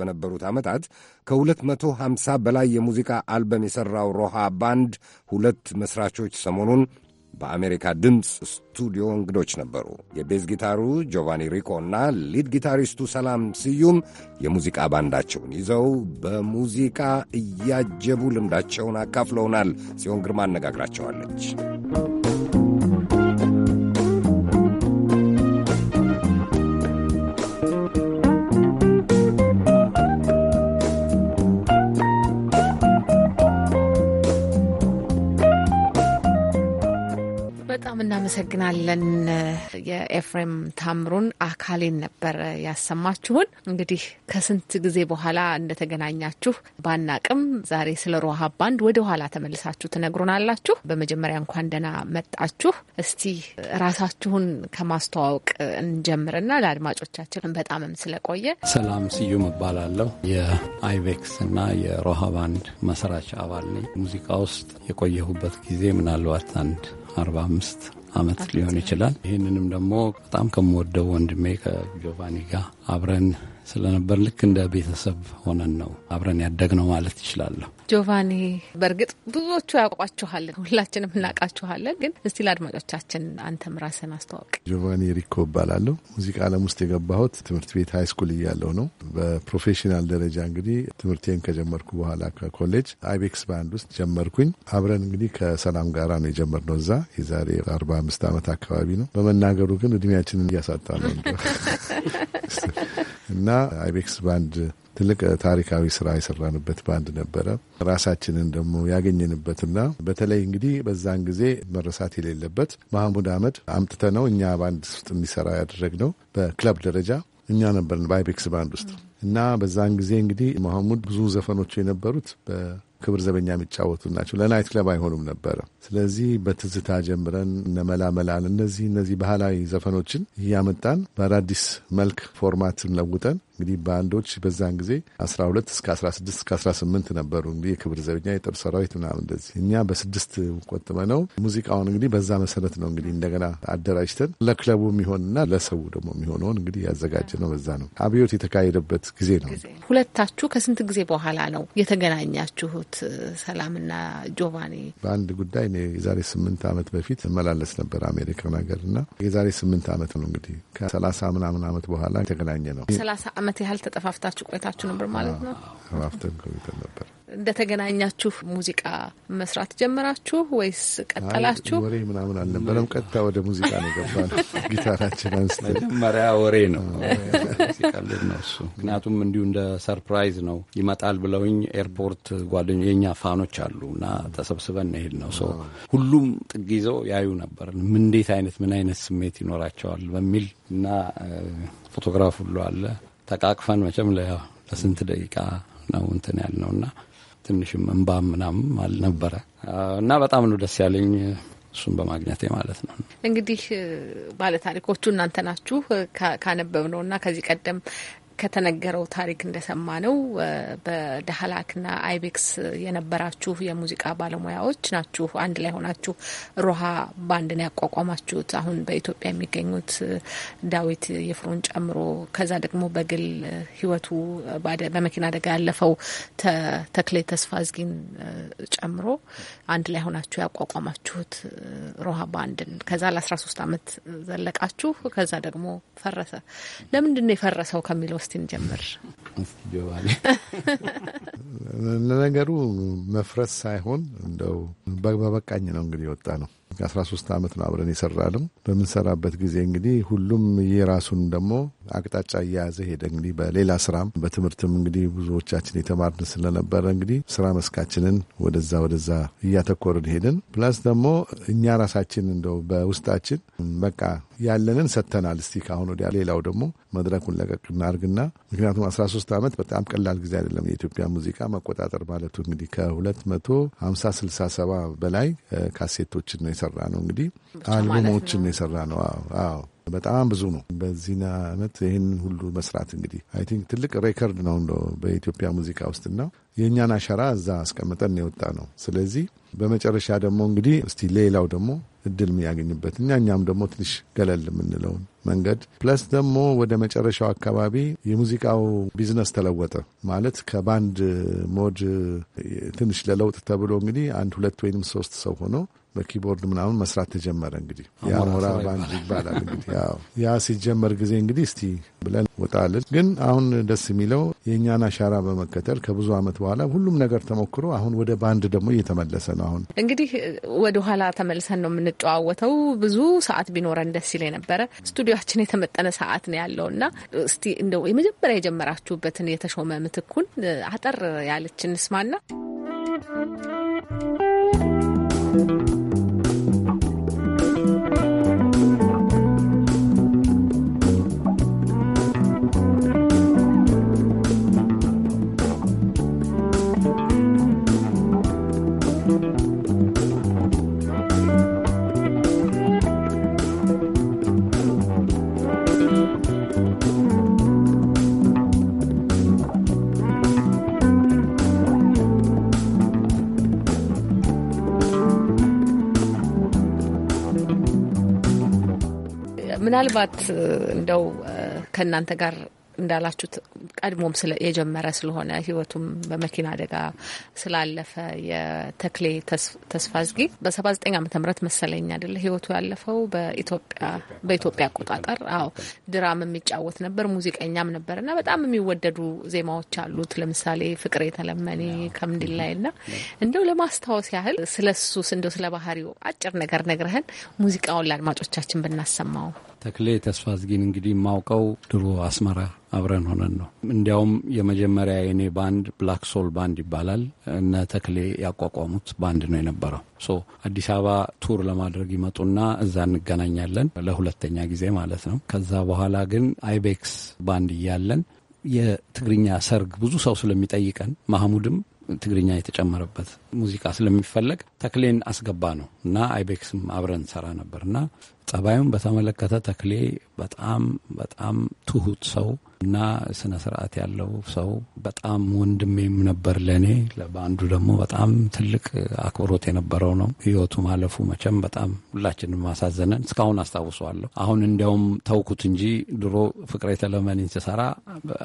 በነበሩት ዓመታት ከ250 በላይ የሙዚቃ አልበም የሠራው ሮሃ ባንድ ሁለት መሥራቾች ሰሞኑን በአሜሪካ ድምፅ ስቱዲዮ እንግዶች ነበሩ። የቤዝ ጊታሩ ጆቫኒ ሪኮ እና ሊድ ጊታሪስቱ ሰላም ስዩም የሙዚቃ ባንዳቸውን ይዘው በሙዚቃ እያጀቡ ልምዳቸውን አካፍለውናል። ጽዮን ግርማ አነጋግራቸዋለች። እናመሰግናለን። የኤፍሬም ታምሩን አካሌን ነበር ያሰማችሁን። እንግዲህ ከስንት ጊዜ በኋላ እንደተገናኛችሁ ባናቅም ዛሬ ስለ ሮሃ ባንድ ወደ ኋላ ተመልሳችሁ ትነግሩናላችሁ። በመጀመሪያ እንኳን ደህና መጣችሁ። እስቲ ራሳችሁን ከማስተዋወቅ እንጀምርና ለአድማጮቻችን በጣምም ስለቆየ። ሰላም ስዩም እባላለሁ። የአይቤክስ እና የሮሃ ባንድ መስራች አባል ነኝ። ሙዚቃ ውስጥ የቆየሁበት ጊዜ ምናልባት አንድ አርባ አምስት አመት ሊሆን ይችላል። ይህንንም ደግሞ በጣም ከምወደው ወንድሜ ከጆቫኒ ጋር አብረን ስለነበር ልክ እንደ ቤተሰብ ሆነን ነው አብረን ያደግነው ማለት ይችላለሁ። ጆቫኒ፣ በእርግጥ ብዙዎቹ ያውቋችኋል፣ ሁላችንም እናውቃችኋለን። ግን እስቲ ለአድማጮቻችን አንተም ራስን አስተዋውቅ። ጆቫኒ ሪኮ እባላለሁ። ሙዚቃ ዓለም ውስጥ የገባሁት ትምህርት ቤት ሀይ ስኩል እያለሁ ነው። በፕሮፌሽናል ደረጃ እንግዲህ ትምህርቴን ከጀመርኩ በኋላ ከኮሌጅ አይቤክስ ባንድ ውስጥ ጀመርኩኝ። አብረን እንግዲህ ከሰላም ጋራ ነው የጀመርነው እዛ የዛሬ አርባ አምስት ዓመት አካባቢ ነው። በመናገሩ ግን እድሜያችንን እያሳጣ ነው። እና አይቤክስ ባንድ ትልቅ ታሪካዊ ስራ የሰራንበት ባንድ ነበረ። ራሳችንን ደግሞ ያገኘንበትና በተለይ እንግዲህ በዛን ጊዜ መረሳት የሌለበት መሐሙድ አህመድ አምጥተ ነው እኛ ባንድ ውስጥ እንዲሰራ ያደረግነው በክለብ ደረጃ እኛ ነበርን በአይቤክስ ባንድ ውስጥ እና በዛን ጊዜ እንግዲህ መሐሙድ ብዙ ዘፈኖች የነበሩት ክብር ዘበኛ የሚጫወቱ ናቸው። ለናይት ክለብ አይሆኑም ነበረ። ስለዚህ በትዝታ ጀምረን እነመላመላን እነዚህ እነዚህ ባህላዊ ዘፈኖችን እያመጣን በአዳዲስ መልክ ፎርማትን ለውጠን እንግዲህ ባንዶች በዛን ጊዜ 12 እስከ 16 እስከ 18 ነበሩ። እንግዲህ የክብር ዘበኛ፣ የጦር ሰራዊት ምናምን እንደዚህ እኛ በስድስት ቆጥመ ነው ሙዚቃውን እንግዲህ በዛ መሰረት ነው እንግዲህ እንደገና አደራጅተን ለክለቡ የሚሆንና ለሰው ደግሞ የሚሆነውን እንግዲህ ያዘጋጀ ነው። በዛ ነው አብዮት የተካሄደበት ጊዜ ነው። ሁለታችሁ ከስንት ጊዜ በኋላ ነው የተገናኛችሁት? ሰላምና ጆቫኒ በአንድ ጉዳይ እኔ የዛሬ ስምንት ዓመት በፊት እመላለስ ነበር አሜሪካን ሀገር እና የዛሬ ስምንት ዓመት ነው እንግዲህ ከሰላሳ ምናምን ዓመት በኋላ የተገናኘ ነው። ዓመት ያህል ተጠፋፍታችሁ ቆይታችሁ ነበር ማለት ነው? ተጠፋፍተን ቆይተን ነበር። እንደተገናኛችሁ ሙዚቃ መስራት ጀመራችሁ ወይስ ቀጠላችሁ? ወሬ ምናምን አልነበረም፣ ቀጥታ ወደ ሙዚቃ ነው የገባነው። ጊታራችን አንስተን መጀመሪያ ወሬ ነው ሲቀልድ ነው እሱ። ምክንያቱም እንዲሁ እንደ ሰርፕራይዝ ነው ይመጣል ብለውኝ ኤርፖርት ጓደኞ የእኛ ፋኖች አሉ እና ተሰብስበን ነሄድ ነው ሁሉም ጥግ ይዘው ያዩ ነበር ምን እንዴት አይነት ምን አይነት ስሜት ይኖራቸዋል በሚል እና ፎቶግራፍ ሁሉ አለ ተቃቅፈን መቼም ለስንት ደቂቃ ነው እንትን ያልነው እና ትንሽም እንባ ምናምን አልነበረ እና በጣም ነው ደስ ያለኝ እሱን በማግኘቴ ማለት ነው። እንግዲህ ባለታሪኮቹ እናንተ ናችሁ። ካነበብነው እና ከዚህ ቀደም ከተነገረው ታሪክ እንደሰማ ነው በዳህላክና አይቤክስ የነበራችሁ የሙዚቃ ባለሙያዎች ናችሁ። አንድ ላይ ሆናችሁ ሮሃ ባንድን ያቋቋማችሁት አሁን በኢትዮጵያ የሚገኙት ዳዊት ይፍሩን ጨምሮ፣ ከዛ ደግሞ በግል ህይወቱ በመኪና አደጋ ያለፈው ተክሌ ዝጊን ጨምሮ አንድ ላይ ሆናችሁ ያቋቋማችሁት ሮሃ ባንድን ከዛ ለአስራ ሶስት አመት ዘለቃችሁ። ከዛ ደግሞ ፈረሰ። ለምንድን ነው የፈረሰው ከሚለው እስቲ እንጀምር። ለነገሩ መፍረስ ሳይሆን እንደው በበቃኝ ነው እንግዲህ የወጣ ነው። አስራ ሶስት አመት ነው አብረን የሰራንም። በምንሰራበት ጊዜ እንግዲህ ሁሉም የራሱን ደግሞ አቅጣጫ እየያዘ ሄደ። እንግዲህ በሌላ ስራም በትምህርትም እንግዲህ ብዙዎቻችን የተማርን ስለነበረ እንግዲህ ስራ መስካችንን ወደዛ ወደዛ እያተኮርን ሄድን። ፕላስ ደግሞ እኛ ራሳችን እንደው በውስጣችን በቃ ያለንን ሰጥተናል። እስቲ ከአሁን ወዲያ ሌላው ደግሞ መድረኩን ለቀቅ እናርግና ምክንያቱም 13 ዓመት በጣም ቀላል ጊዜ አይደለም። የኢትዮጵያ ሙዚቃ መቆጣጠር ማለቱ እንግዲህ ሀምሳ ስልሳ ሰባ በላይ ካሴቶችን ነው የሰራ ነው እንግዲህ አልበሞችን ነው የሰራ ነው። አዎ በጣም ብዙ ነው። በዚህ አመት ይህንን ሁሉ መስራት እንግዲህ አይ ቲንክ ትልቅ ሬከርድ ነው እንደ በኢትዮጵያ ሙዚቃ ና የእኛን አሻራ እዛ አስቀምጠን የወጣ ነው። ስለዚህ በመጨረሻ ደግሞ እንግዲህ እስቲ ሌላው ደግሞ እድል የሚያገኝበት እኛ እኛም ደግሞ ትንሽ ገለል የምንለውን መንገድ ፕለስ ደግሞ ወደ መጨረሻው አካባቢ የሙዚቃው ቢዝነስ ተለወጠ ማለት ከባንድ ሞድ ትንሽ ለለውጥ ተብሎ እንግዲህ አንድ ሁለት ወይንም ሶስት ሰው ሆኖ በኪቦርድ ምናምን መስራት ተጀመረ። እንግዲህ የአሞራ ባንድ ይባላል። እንግዲህ ያው ያ ሲጀመር ጊዜ እንግዲህ እስቲ ብለን ወጣልን። ግን አሁን ደስ የሚለው የእኛን አሻራ በመከተል ከብዙ አመት በኋላ ሁሉም ነገር ተሞክሮ አሁን ወደ ባንድ ደግሞ እየተመለሰ ነው። አሁን እንግዲህ ወደ ኋላ ተመልሰን ነው የምንጨዋወተው። ብዙ ሰዓት ቢኖረን ደስ ይል ነበረ። ስቱዲዮችን የተመጠነ ሰዓት ነው ያለው እና እስቲ እንደው የመጀመሪያ የጀመራችሁበትን የተሾመ ምትኩን አጠር ያለችን ስማና ምናልባት እንደው ከእናንተ ጋር እንዳላችሁት ቀድሞም የጀመረ ስለሆነ ህይወቱም በመኪና አደጋ ስላለፈ የተክሌ ተስፋ ዝጊ በሰባ ዘጠኝ ዓመተ ምህረት መሰለኝ አይደለ ህይወቱ ያለፈው በኢትዮጵያ አቆጣጠር። አዎ ድራም የሚጫወት ነበር፣ ሙዚቀኛም ነበር እና በጣም የሚወደዱ ዜማዎች አሉት። ለምሳሌ ፍቅር የተለመኔ ከምንድን ላይ ና እንደው ለማስታወስ ያህል ስለ ሱስ እንደው ስለ ባህሪው አጭር ነገር ነግረህን ሙዚቃውን ለአድማጮቻችን ብናሰማው ተክሌ ተስፋ ዝጊን እንግዲህ የማውቀው ድሮ አስመራ አብረን ሆነን ነው። እንዲያውም የመጀመሪያ የኔ ባንድ ብላክ ሶል ባንድ ይባላል። እነ ተክሌ ያቋቋሙት ባንድ ነው የነበረው። ሶ አዲስ አበባ ቱር ለማድረግ ይመጡና እዛ እንገናኛለን፣ ለሁለተኛ ጊዜ ማለት ነው። ከዛ በኋላ ግን አይቤክስ ባንድ እያለን የትግርኛ ሰርግ ብዙ ሰው ስለሚጠይቀን ማህሙድም ትግርኛ የተጨመረበት ሙዚቃ ስለሚፈለግ ተክሌን አስገባ ነው እና አይቤክስም አብረን ሰራ ነበር እና ጸባዩን በተመለከተ ተክሌ በጣም በጣም ትሁት ሰው እና ስነ ስርዓት ያለው ሰው በጣም ወንድሜም ነበር ለእኔ። በአንዱ ደግሞ በጣም ትልቅ አክብሮት የነበረው ነው። ህይወቱ ማለፉ መቼም በጣም ሁላችንም ማሳዘነን። እስካሁን አስታውሰዋለሁ። አሁን እንዲያውም ተውኩት እንጂ ድሮ ፍቅሬ ተለመኔን ስሰራ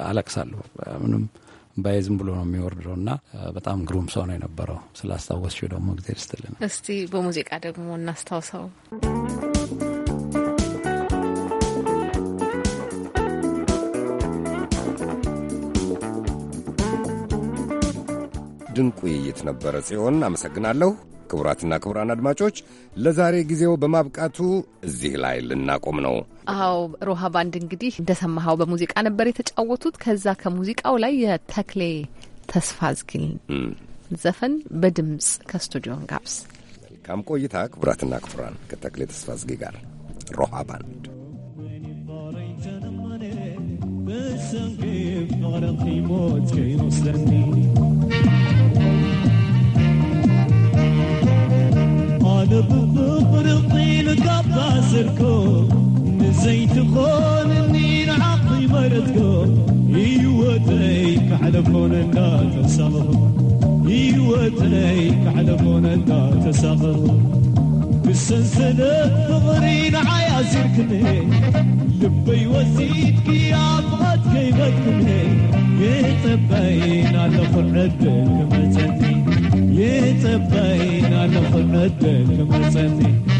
አለቅሳለሁ። ምንም ባይዝም ብሎ ነው የሚወርደው እና በጣም ግሩም ሰው ነው የነበረው። ስላስታወስሽው ደግሞ ጊዜ ስትልን እስቲ በሙዚቃ ደግሞ እናስታውሰው። ድንቅ ውይይት ነበረ። ጽዮን አመሰግናለሁ። ክቡራትና ክቡራን አድማጮች ለዛሬ ጊዜው በማብቃቱ እዚህ ላይ ልናቆም ነው። አዎ ሮሃ ባንድ እንግዲህ እንደሰማኸው በሙዚቃ ነበር የተጫወቱት። ከዛ ከሙዚቃው ላይ የተክሌ ተስፋ ዝግኝ ዘፈን በድምፅ ከስቱዲዮን ጋብስ። መልካም ቆይታ ክቡራትና ክቡራን ከተክሌ ተስፋ ዝጊ ጋር ሮሃ ባንድ طالب بظهر الطين قطع سركم نسيت خون النين عقلي مرتكم ايوه تليك على فون النات سغر ايوه تليك على فون النات سغر بالسلسلة تغرين عيا كني لبي وزيدك يا ابغتك يبكني يطبين على ما متدين it's a pain, I'm not gonna take my sanity.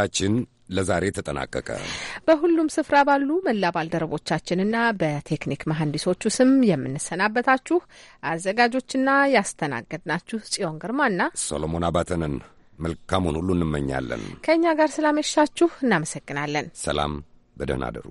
ዝግጅታችን ለዛሬ ተጠናቀቀ። በሁሉም ስፍራ ባሉ መላ ባልደረቦቻችንና በቴክኒክ መሐንዲሶቹ ስም የምንሰናበታችሁ አዘጋጆችና ያስተናገድናችሁ ጽዮን ግርማና ሶሎሞን አባተንን መልካሙን ሁሉ እንመኛለን። ከእኛ ጋር ስላመሻችሁ እናመሰግናለን። ሰላም፣ በደህና አደሩ።